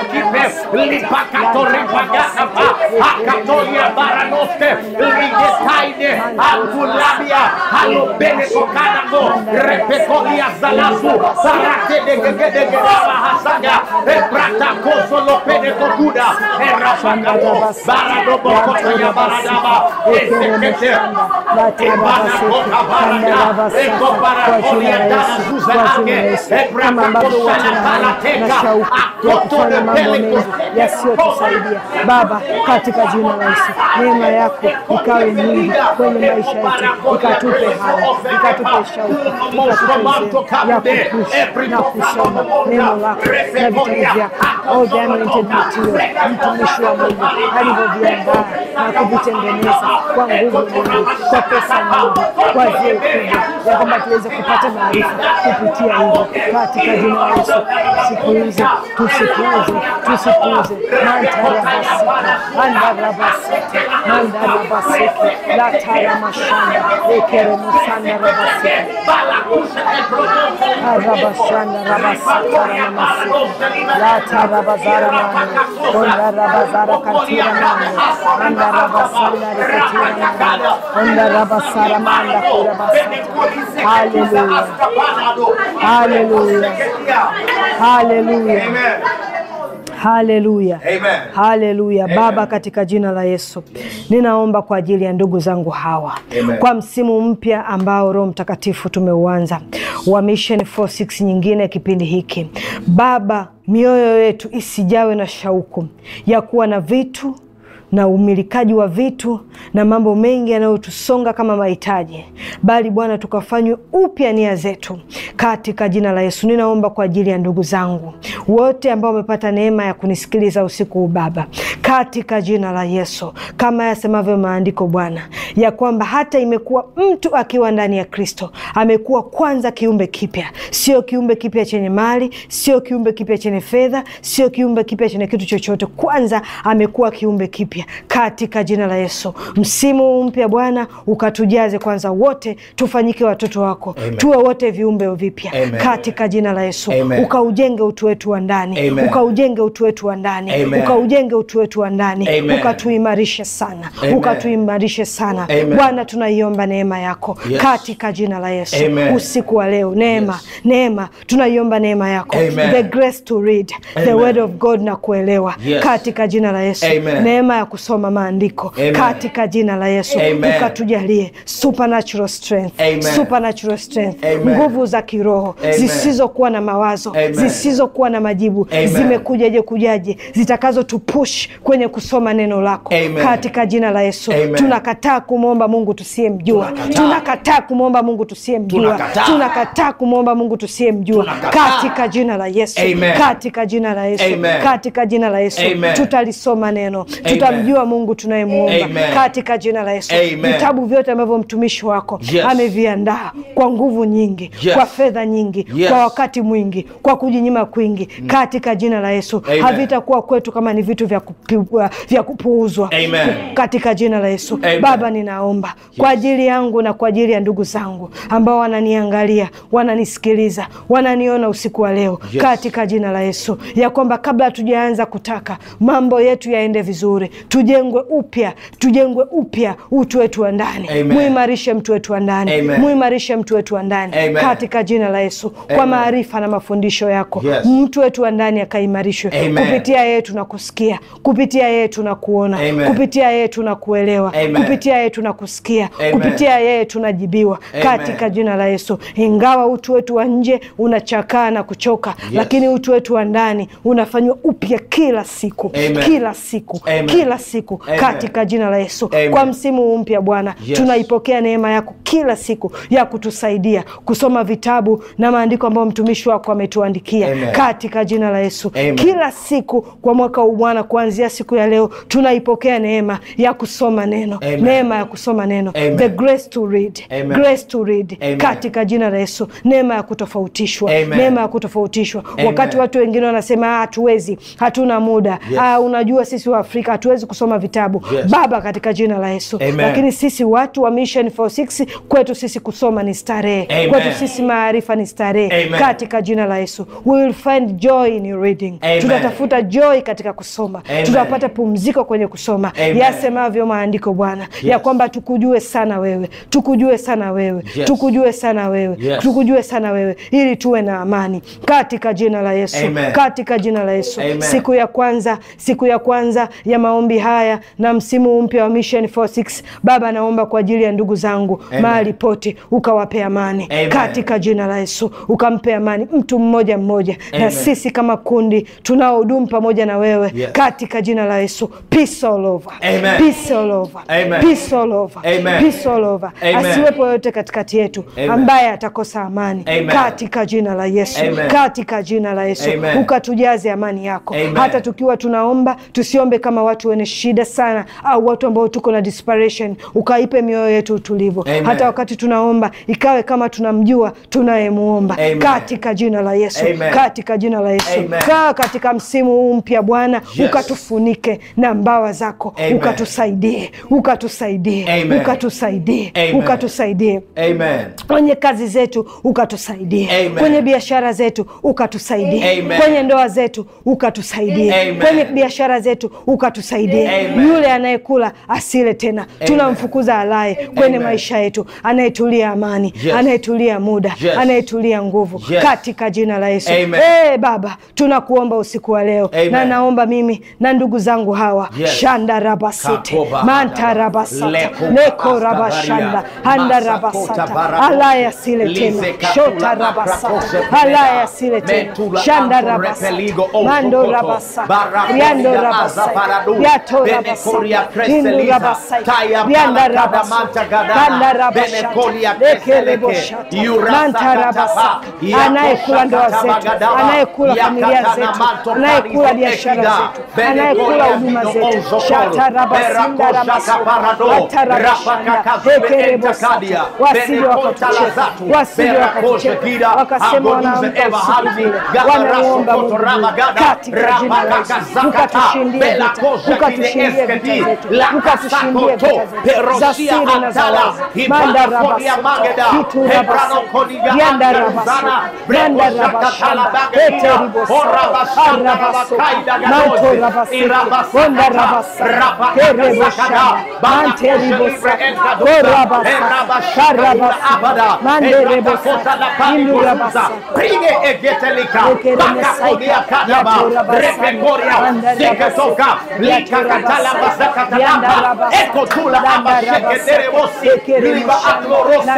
Kipe, Lipacato, a Acatoria, Baranoste, Rigetaine, de Hasaga, mambo mengi yasiyotusaidia. Baba, katika jina la Yesu, neema yako ikawe nyingi kwenye maisha yetu, ikatupe haya, ikatupe shauku, ikatupe ya kukushi na kusoma neno lako na vitabu vyako, all mtumishi wa Mungu alivyoviandaa na kuvitengeneza kwa nguvu nyingi, kwa pesa nyingi, kwa vyeo kubwa, ya kwamba tuweze kupata maarifa kupitia hivyo, katika jina la Yesu siku hizi tusikize tusiduze mantarabasika hallelujah hallelujah hallelujah Amen. Haleluya, haleluya. Baba, katika jina la Yesu, yes. Ninaomba kwa ajili ya ndugu zangu hawa Amen. Kwa msimu mpya ambao Roho Mtakatifu tumeuanza wa Mission 46 nyingine kipindi hiki Baba, mioyo yetu isijawe na shauku ya kuwa na vitu na umilikaji wa vitu na mambo mengi yanayotusonga kama mahitaji, bali Bwana tukafanywe upya nia zetu katika jina la Yesu. Ninaomba kwa ajili ya ndugu zangu wote ambao wamepata neema ya kunisikiliza usiku huu Baba, katika jina la Yesu, kama yasemavyo maandiko Bwana, ya kwamba hata imekuwa mtu akiwa ndani ya Kristo amekuwa kwanza kiumbe kipya. Sio kiumbe kipya chenye mali, sio kiumbe kipya chenye fedha, sio kiumbe kipya chenye kitu chochote. Kwanza amekuwa kiumbe kipya mpya katika jina la Yesu. Msimu mpya Bwana ukatujaze kwanza, wote tufanyike watoto wako, tuwe wote viumbe vipya katika jina la Yesu. Ukaujenge utu wetu wa ndani, ukaujenge utu wetu wa ndani, ukaujenge utu wetu wa ndani, ukatuimarishe sana, ukatuimarishe sana Bwana, tunaiomba neema yako yes, katika jina la Yesu Amen. Usiku wa leo neema, yes, neema tunaiomba neema yako Amen. The grace to read the word of God na kuelewa yes, katika jina la Yesu Amen. neema ya kusoma maandiko katika jina la Yesu ukatujalie supernatural strength. Amen. Supernatural strength. nguvu za kiroho zisizokuwa na mawazo zisizokuwa na majibu zimekujaje kujaje zitakazotupush kwenye kusoma neno lako Amen. katika jina la Yesu Amen. tunakataa kumwomba Mungu tusiyemjua tunakataa kumwomba Mungu tusiyemjua tunakataa kumwomba Mungu tusiyemjua katika jina la Yesu Amen. katika jina la Yesu Amen. katika jina la Yesu tutalisoma neno Tutam tunamjua Mungu tunayemwomba katika jina la Yesu. Vitabu vyote ambavyo mtumishi wako yes. ameviandaa kwa nguvu nyingi yes. kwa fedha nyingi yes. kwa wakati mwingi kwa kujinyima kwingi mm. katika jina la Yesu havitakuwa kwetu kama ni vitu vya, kupu, uh, vya kupuuzwa katika jina la Yesu. Amen. Baba, ninaomba yes. kwa ajili yangu na kwa ajili ya ndugu zangu ambao wananiangalia, wananisikiliza, wananiona usiku wa leo yes. katika jina la Yesu ya kwamba kabla tujaanza kutaka mambo yetu yaende vizuri tujengwe upya, tujengwe upya utu wetu wa ndani, muimarishe mtu wetu wa ndani, muimarishe mtu wetu wa ndani katika jina la Yesu, Amen. Kwa maarifa na mafundisho yako, yes. Mtu wetu wa ndani akaimarishwe kupitia yeye tunakusikia, kupitia yeye tunakuona, kupitia yeye tunakuelewa, kupitia yeye tunakusikia, kupitia yeye tunajibiwa katika jina la Yesu. Ingawa utu wetu wa nje unachakaa na kuchoka, yes. Lakini utu wetu wa ndani unafanywa upya kila siku, kila siku, kila kila siku Amen. Katika jina la Yesu Amen. Kwa msimu mpya Bwana yes. Tunaipokea neema yako kila siku ya kutusaidia kusoma vitabu na maandiko ambayo mtumishi wako ametuandikia katika jina la Yesu Amen. Kila siku kwa mwaka huu Bwana, kuanzia siku ya leo tunaipokea neema ya kusoma neno Amen. Neema ya kusoma neno Amen. The grace to read. Amen. Grace to read. Amen. Katika jina la Yesu neema ya kutofautishwa Amen. Neema ya kutofautishwa Amen. Wakati watu wengine wanasema ah, hatuwezi, hatuna muda yes. Ah, unajua sisi wa Afrika hatuwezi hatuwezi kusoma vitabu yes. Baba, katika jina la Yesu Amen. Lakini sisi watu wa Mission 46 kwetu sisi kusoma ni starehe, kwetu sisi maarifa ni starehe, katika jina la Yesu we will find joy in reading. Tutatafuta joy katika kusoma, tutapata pumziko kwenye kusoma yasemavyo maandiko Bwana yes. ya kwamba tukujue sana wewe, tukujue sana wewe yes. tukujue sana wewe yes. tukujue sana wewe ili tuwe na amani katika jina la Yesu Amen. katika jina la Yesu Amen. siku ya kwanza, siku ya kwanza ya maombi maombi haya na msimu mpya wa Mission 46 Baba, naomba kwa ajili ya ndugu zangu mahali pote, ukawape amani katika jina la Yesu, ukampe amani mtu mmoja mmoja Amen. na sisi kama kundi tunaohudumu pamoja na wewe yes. katika jina la Yesu, peace all over, peace all over, peace all over, peace all over. Asiwepo yote katikati yetu Amen. ambaye atakosa amani Amen. katika jina la Yesu Amen. katika jina la Yesu ukatujaze amani yako Amen. hata tukiwa tunaomba tusiombe kama watu ni shida sana, au watu ambao tuko na desperation, ukaipe mioyo yetu utulivu Amen. Hata wakati tunaomba ikawe kama tunamjua tunayemuomba, katika jina la Yesu Amen. Katika jina la Yesu Kaa katika msimu huu mpya Bwana yes. Ukatufunike na mbawa zako Amen. Ukatusaidie, ukatusaidie, ukatusaidie, ukatusaidie kwenye kazi zetu, ukatusaidie kwenye biashara zetu, ukatusaidie kwenye ndoa zetu, ukatusaidie kwenye biashara zetu, ukatusaidie zaidi. Yule anayekula asile tena, tunamfukuza alaye kwenye maisha yetu, anayetulia amani, yes. anayetulia muda, yes. anayetulia nguvu, yes. katika jina la Yesu. Hey, eh, Baba, tunakuomba usiku wa leo Amen. na naomba mimi na ndugu zangu hawa yes. shanda rabasete manta rabasata leko rabashanda handa rabasata alaye asile tena shota rabasata alaye asile tena shanda rabasata mando rabasata riando rabasata bene anayekula ndoa zetu anayekula familia zetu anayekula biashara zetu anayekula huduma zetu Prige egetelika, bakakodia kadaba, repekoria, zekatoka, lika La la la La Basakatalapa, la Abasheke La la la la la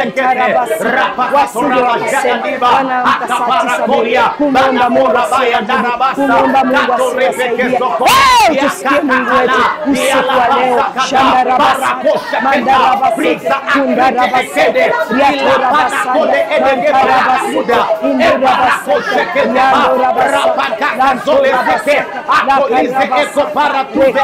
la la la la la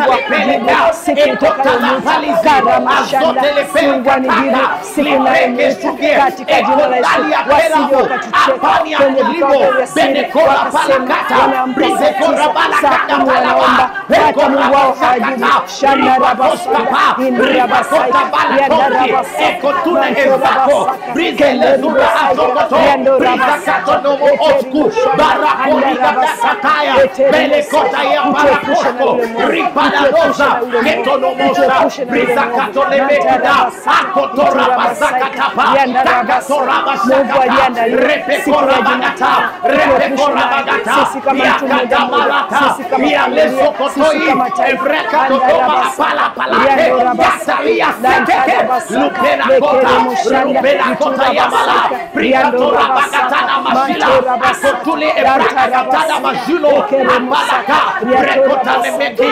kupeleka siku tutakayokamalizana ee Mungu anihiri siku na emeta katika ee jina la Yesu, wasije wakatucheka kwenye vikao vya siri, wakasema wanamtakatifu. Sasa wanaomba hata Mungu wao hajibu. shana rabasura indrabasaya yandarabasakantobabasaka kelendurasaya yandorabasakaeterikushandarabasaka eterikusha mtepusha na yule Mungu Radosa, Ketonomosa, Rizakatolemekada, Akotorabasakatapa, Takatorabasakata, Repekorabagata, Repekorabagata, Yakadamalata, Yalesokotoi, Evrekatotoma, Palapalate, Yatalia Seteke, Lupena Kota, Lupena Kota Yamala, Prikatorabagata, Masila, Akotuli, Evrakatata, Majulo, Amalaka, Rekota Nemeki,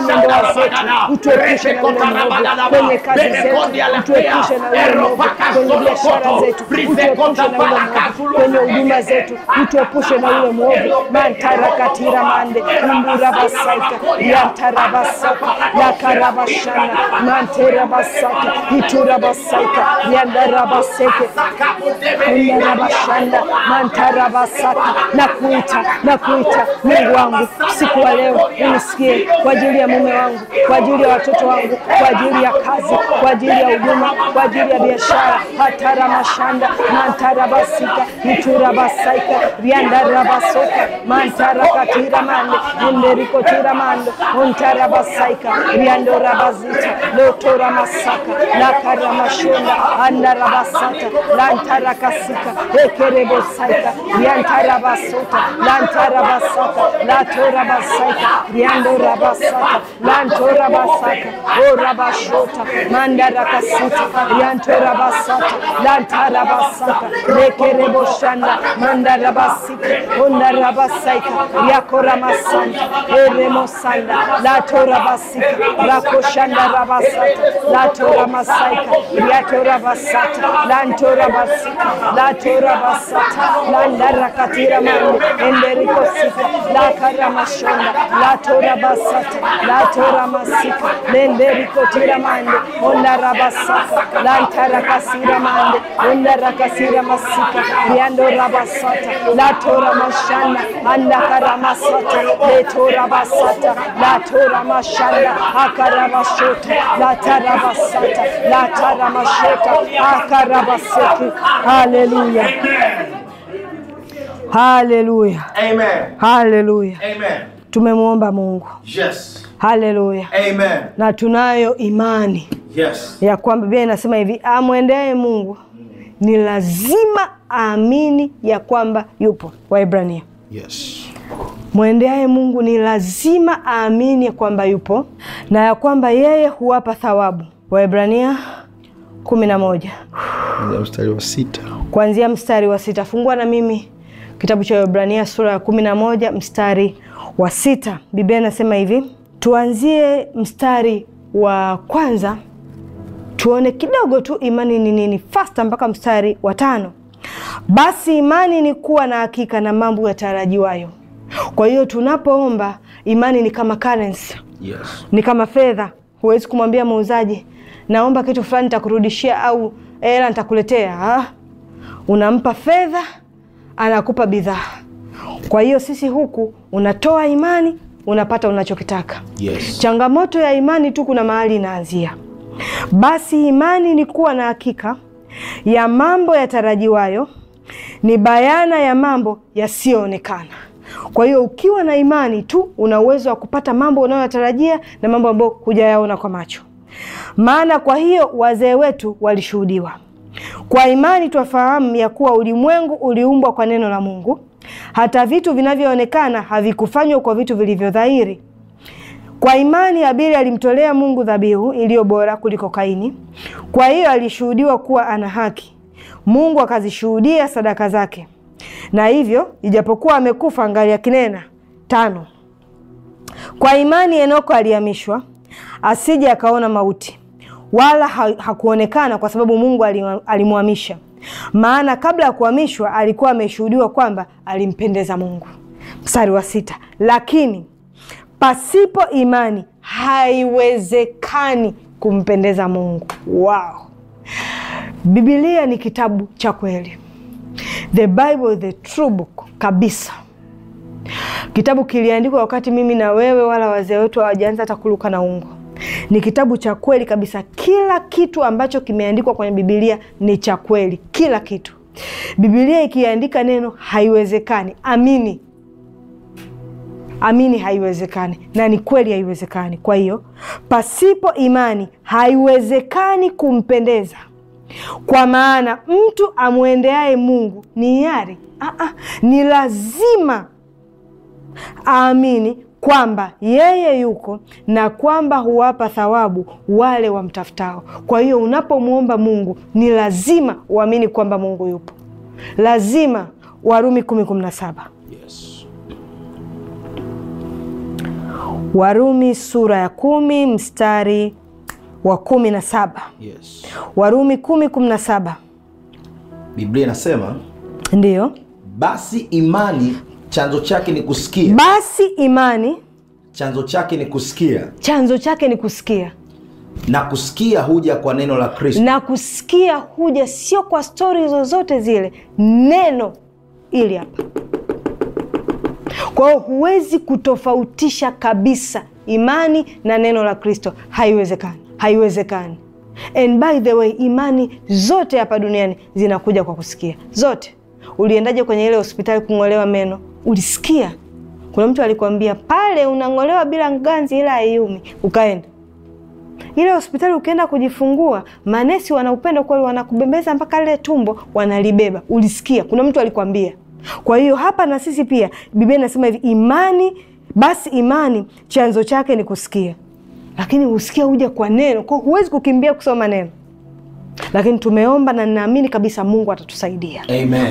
mwenendo wako, utuepushe na ule kwenye kazi zetu, utuepushe na ule kwenye biashara zetu, utuepushe na ule kwenye huduma zetu, utuepushe na ule mwovu mantarakatira mande umburabasaika yantarabasaka yakarabashana manterabasaka iturabasaika yandarabaseke undarabashanda mantarabasaka na kuita na kuita Mungu wangu usiku wa leo unisikie kwa ajili ya mume wangu, kwa ajili ya watoto wangu, kwa ajili ya kazi, kwa ajili ya huduma, kwa ajili ya biashara. mantara mantara basika katira mande mande lotora hataramashanda mantarabasika miturabasaika riandarabasoka mantarakakiramande inderikotiramando ontarabasaika riandorabazita lotoramasaka lakaramashonda andarabasata lantarakasika ekerebosaika riantarabasota lantarabasaka latorabasaka riandorabasaka lantora basata ora bashota mandara kasuta yantora basata lantara basata lekere boshanda mandara basita ondara basaita yakora masanda ere mosanda latora basita lakoshanda rabasata latora masaita yatora basata lantora basita latora basata landara katira mando enderiko latora masika lenderikotira mande ondarabasaka lantarakasira mande ondarakasira masika riandorabasata latora mashana andakaramasata letorabasata latora mashana akarabashota latarabasata lataramashota akarabaseki haleluya haleluya haleluya tumemwomba mungu yes. Haleluya, amen. Na tunayo imani yes, ya kwamba Biblia inasema hivi, amwendeaye Mungu mm, ni lazima aamini ya kwamba yupo. Waibrania yes. Mwendeaye Mungu ni lazima aamini kwamba yupo na ya kwamba yeye huwapa thawabu. Waibrania kumi na moja mstari wa sita kuanzia mstari wa sita. Fungua na mimi kitabu cha Waibrania sura ya kumi na moja mstari wa sita. Biblia inasema hivi Tuanzie mstari wa kwanza tuone kidogo tu imani ni nini fasta, mpaka mstari wa tano. Basi imani ni kuwa na hakika na mambo yatarajiwayo. Kwa hiyo tunapoomba, imani ni kama currency. Yes. Ni kama fedha. Huwezi kumwambia muuzaji naomba kitu fulani nitakurudishia, au hela nitakuletea. Unampa fedha, anakupa bidhaa. Kwa hiyo sisi huku unatoa imani, unapata unachokitaka. Yes. Changamoto ya imani tu kuna mahali inaanzia. Basi imani ni kuwa na hakika ya mambo yatarajiwayo, ni bayana ya mambo yasiyoonekana. Kwa hiyo ukiwa na imani tu una uwezo wa kupata mambo unayoyatarajia na mambo ambayo hujayaona kwa macho. Maana kwa hiyo wazee wetu walishuhudiwa. Kwa imani twafahamu ya kuwa ulimwengu uliumbwa kwa neno la Mungu hata vitu vinavyoonekana havikufanywa kwa vitu vilivyodhahiri. Kwa imani Abeli alimtolea Mungu dhabihu iliyo bora kuliko Kaini, kwa hiyo alishuhudiwa kuwa ana haki. Mungu akazishuhudia sadaka zake, na hivyo ijapokuwa amekufa angali akinena. Tano, kwa imani Enoko alihamishwa asije akaona mauti, wala hakuonekana kwa sababu Mungu alimhamisha maana kabla ya kuhamishwa alikuwa ameshuhudiwa kwamba alimpendeza Mungu. Mstari wa sita, lakini pasipo imani haiwezekani kumpendeza Mungu. Wow, Biblia ni kitabu cha kweli, the Bible the true book kabisa. Kitabu kiliandikwa wakati mimi na wewe wala wazee wetu hawajaanza hata kuluka na ungo ni kitabu cha kweli kabisa. Kila kitu ambacho kimeandikwa kwenye bibilia ni cha kweli, kila kitu. bibilia ikiandika neno haiwezekani, amini amini, haiwezekani na ni kweli, haiwezekani. Kwa hiyo pasipo imani haiwezekani kumpendeza, kwa maana mtu amwendeaye Mungu ni yari, ah, ah. ni lazima aamini kwamba yeye yuko na kwamba huwapa thawabu wale wamtafutao. Kwa hiyo unapomwomba Mungu ni lazima uamini kwamba Mungu yupo, lazima. Warumi 10:17 yes. Warumi sura ya kumi mstari wa kumi na saba yes. Warumi saba Biblia inasema ndiyo, basi imani chanzo chake ni kusikia. Basi imani chanzo chake ni kusikia, chanzo chake ni kusikia na kusikia huja kwa neno la Kristo, na kusikia huja sio kwa stori zozote zile, neno ili hapa. Kwa hiyo huwezi kutofautisha kabisa imani na neno la Kristo, haiwezekani, haiwezekani. And by the way, imani zote hapa duniani zinakuja kwa kusikia, zote. Uliendaje kwenye ile hospitali kung'olewa meno? Ulisikia kuna mtu alikwambia pale unang'olewa bila ganzi ila ayumi, ukaenda ile hospitali ukienda kujifungua, manesi wana upendo kweli, wanakubembeza mpaka lile tumbo wanalibeba. Ulisikia kuna mtu alikwambia. Kwa hiyo hapa na sisi pia Biblia inasema hivi, imani basi, imani chanzo chake ni kusikia, lakini usikia uja kwa neno, kwa huwezi kukimbia kusoma neno lakini tumeomba na ninaamini kabisa Mungu atatusaidia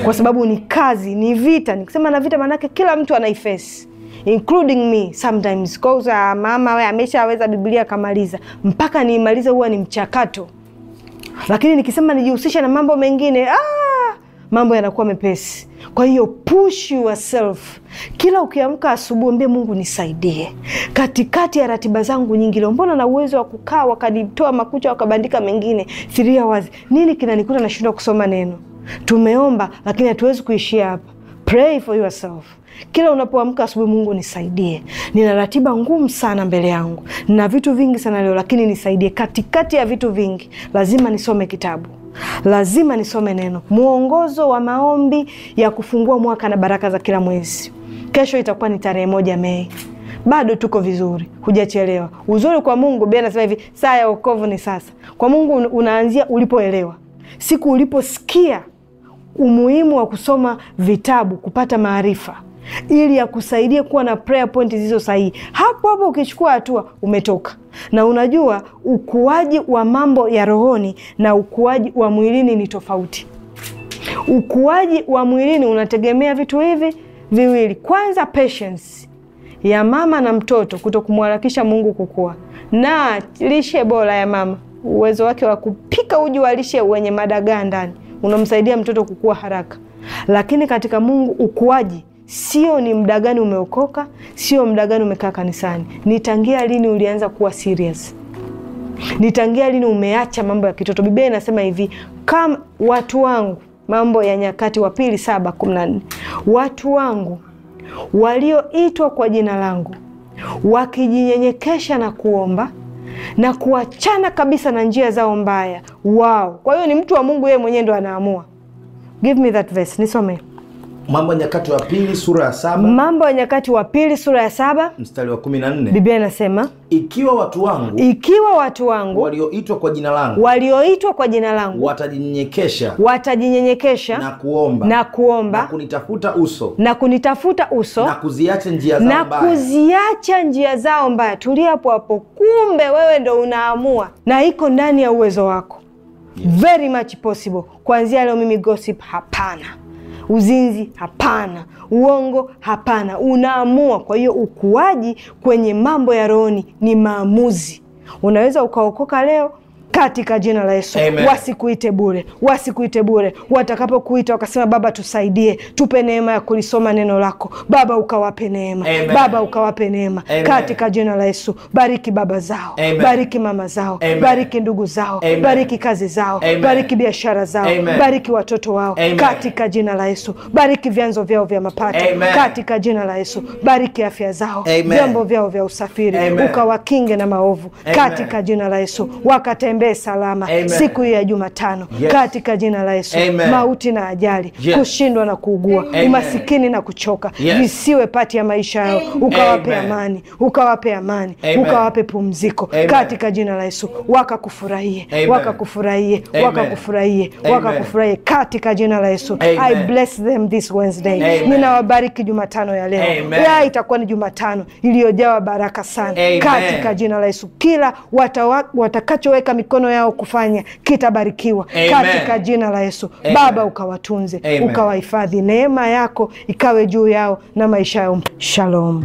Kwa sababu ni kazi, ni vita. Nikisema na vita, maanake kila mtu anaifesi including me sometimes kwa mama we ameshaweza Biblia akamaliza, mpaka niimalize huwa ni mchakato, lakini nikisema nijihusishe na mambo mengine ah, mambo yanakuwa mepesi. Kwa hiyo push yourself, kila ukiamka asubuhi mbe Mungu, nisaidie katikati ya ratiba zangu nyingi leo. Mbona na uwezo wa kukaa wakanitoa makucha wakabandika mengine thiria wazi, nini kinanikuta nashindwa kusoma neno? Tumeomba lakini hatuwezi kuishia hapa. Pray for yourself. Kila unapoamka asubuhi, Mungu nisaidie, nina ratiba ngumu sana mbele yangu, nina vitu vingi sana leo, lakini nisaidie. Katikati ya vitu vingi, lazima nisome kitabu, lazima nisome neno, mwongozo wa maombi ya kufungua mwaka na baraka za kila mwezi. Kesho itakuwa ni tarehe moja Mei, bado tuko vizuri, hujachelewa. Uzuri kwa Mungu, Biblia inasema hivi, saa ya wokovu ni sasa. Kwa Mungu unaanzia ulipoelewa, siku uliposikia umuhimu wa kusoma vitabu kupata maarifa ili akusaidie kuwa na prayer point zilizo sahihi. Hapo hapo ukichukua hatua umetoka. Na unajua ukuaji wa mambo ya rohoni na ukuaji wa mwilini ni tofauti. Ukuaji wa mwilini unategemea vitu hivi viwili. Kwanza, patience ya mama na mtoto kuto kumharakisha Mungu kukua, na lishe bora ya mama, uwezo wake wa kupika uji wa lishe wenye madagaa ndani unamsaidia mtoto kukua haraka. Lakini katika Mungu ukuaji sio ni muda gani umeokoka, sio muda gani umekaa kanisani, ni tangia lini ulianza kuwa serious, ni tangia lini umeacha mambo ya kitoto. Biblia inasema hivi, kama watu wangu, Mambo ya Nyakati wa Pili saba kumi na nne, watu wangu walioitwa kwa jina langu wakijinyenyekesha na kuomba na kuachana kabisa na njia zao mbaya wao. Kwa hiyo ni mtu wa Mungu, yeye mwenyewe ndo anaamua. Give me that verse, nisome. Mambo ya Nyakati wa Pili sura ya saba. Mambo ya Nyakati wa Pili sura ya saba mstari wa kumi na nne Biblia inasema ikiwa watu wangu, ikiwa watu wangu walioitwa kwa jina langu, walioitwa kwa jina langu watajinyenyekesha, watajinyenyekesha na kuomba, na kuomba na kunitafuta uso, na kunitafuta uso na kuziacha njia zao mbaya, na kuziacha njia zao mbaya. Tulia hapo hapo, kumbe wewe ndo unaamua na iko ndani ya uwezo wako. Yes. Very much possible. Kuanzia leo mimi gossip hapana. Uzinzi hapana, uongo hapana, unaamua. Kwa hiyo ukuaji kwenye mambo ya rohoni ni maamuzi. Unaweza ukaokoka leo katika jina la Yesu. Wasikuite bure, wasikuite bure. Watakapokuita wakasema, Baba tusaidie, tupe neema ya kulisoma neno lako Baba, ukawape neema Baba ukawape neema katika jina la Yesu. Bariki baba zao Amen. bariki mama zao Amen. bariki ndugu zao Amen. bariki kazi zao Amen. bariki biashara zao Amen. bariki watoto wao Amen. katika jina la Yesu. Bariki vyanzo vyao vya mapato Amen. katika jina la Yesu. Bariki afya zao, vyombo vyao vya usafiri, ukawakinge na maovu Amen. katika jina la Yesu wakatembea tutembee salama Amen. siku hii ya Jumatano yes. katika jina la Yesu Amen. mauti na ajali yes. kushindwa na kuugua Amen. umasikini na kuchoka yes. visiwe pati ya maisha yao, ukawape amani, ukawape amani, ukawape pumziko Amen. katika jina la Yesu, wakakufurahie, wakakufurahie, wakakufurahie, wakakufurahie katika jina la Yesu. I bless them this Wednesday, ninawabariki Jumatano ya leo ya itakuwa ni Jumatano iliyojawa baraka sana Amen. katika jina la Yesu, kila watakachoweka wata mikono yao kufanya kitabarikiwa Katika jina la Yesu Amen. Baba ukawatunze, ukawahifadhi, neema yako ikawe juu yao na maisha yao. Shalom.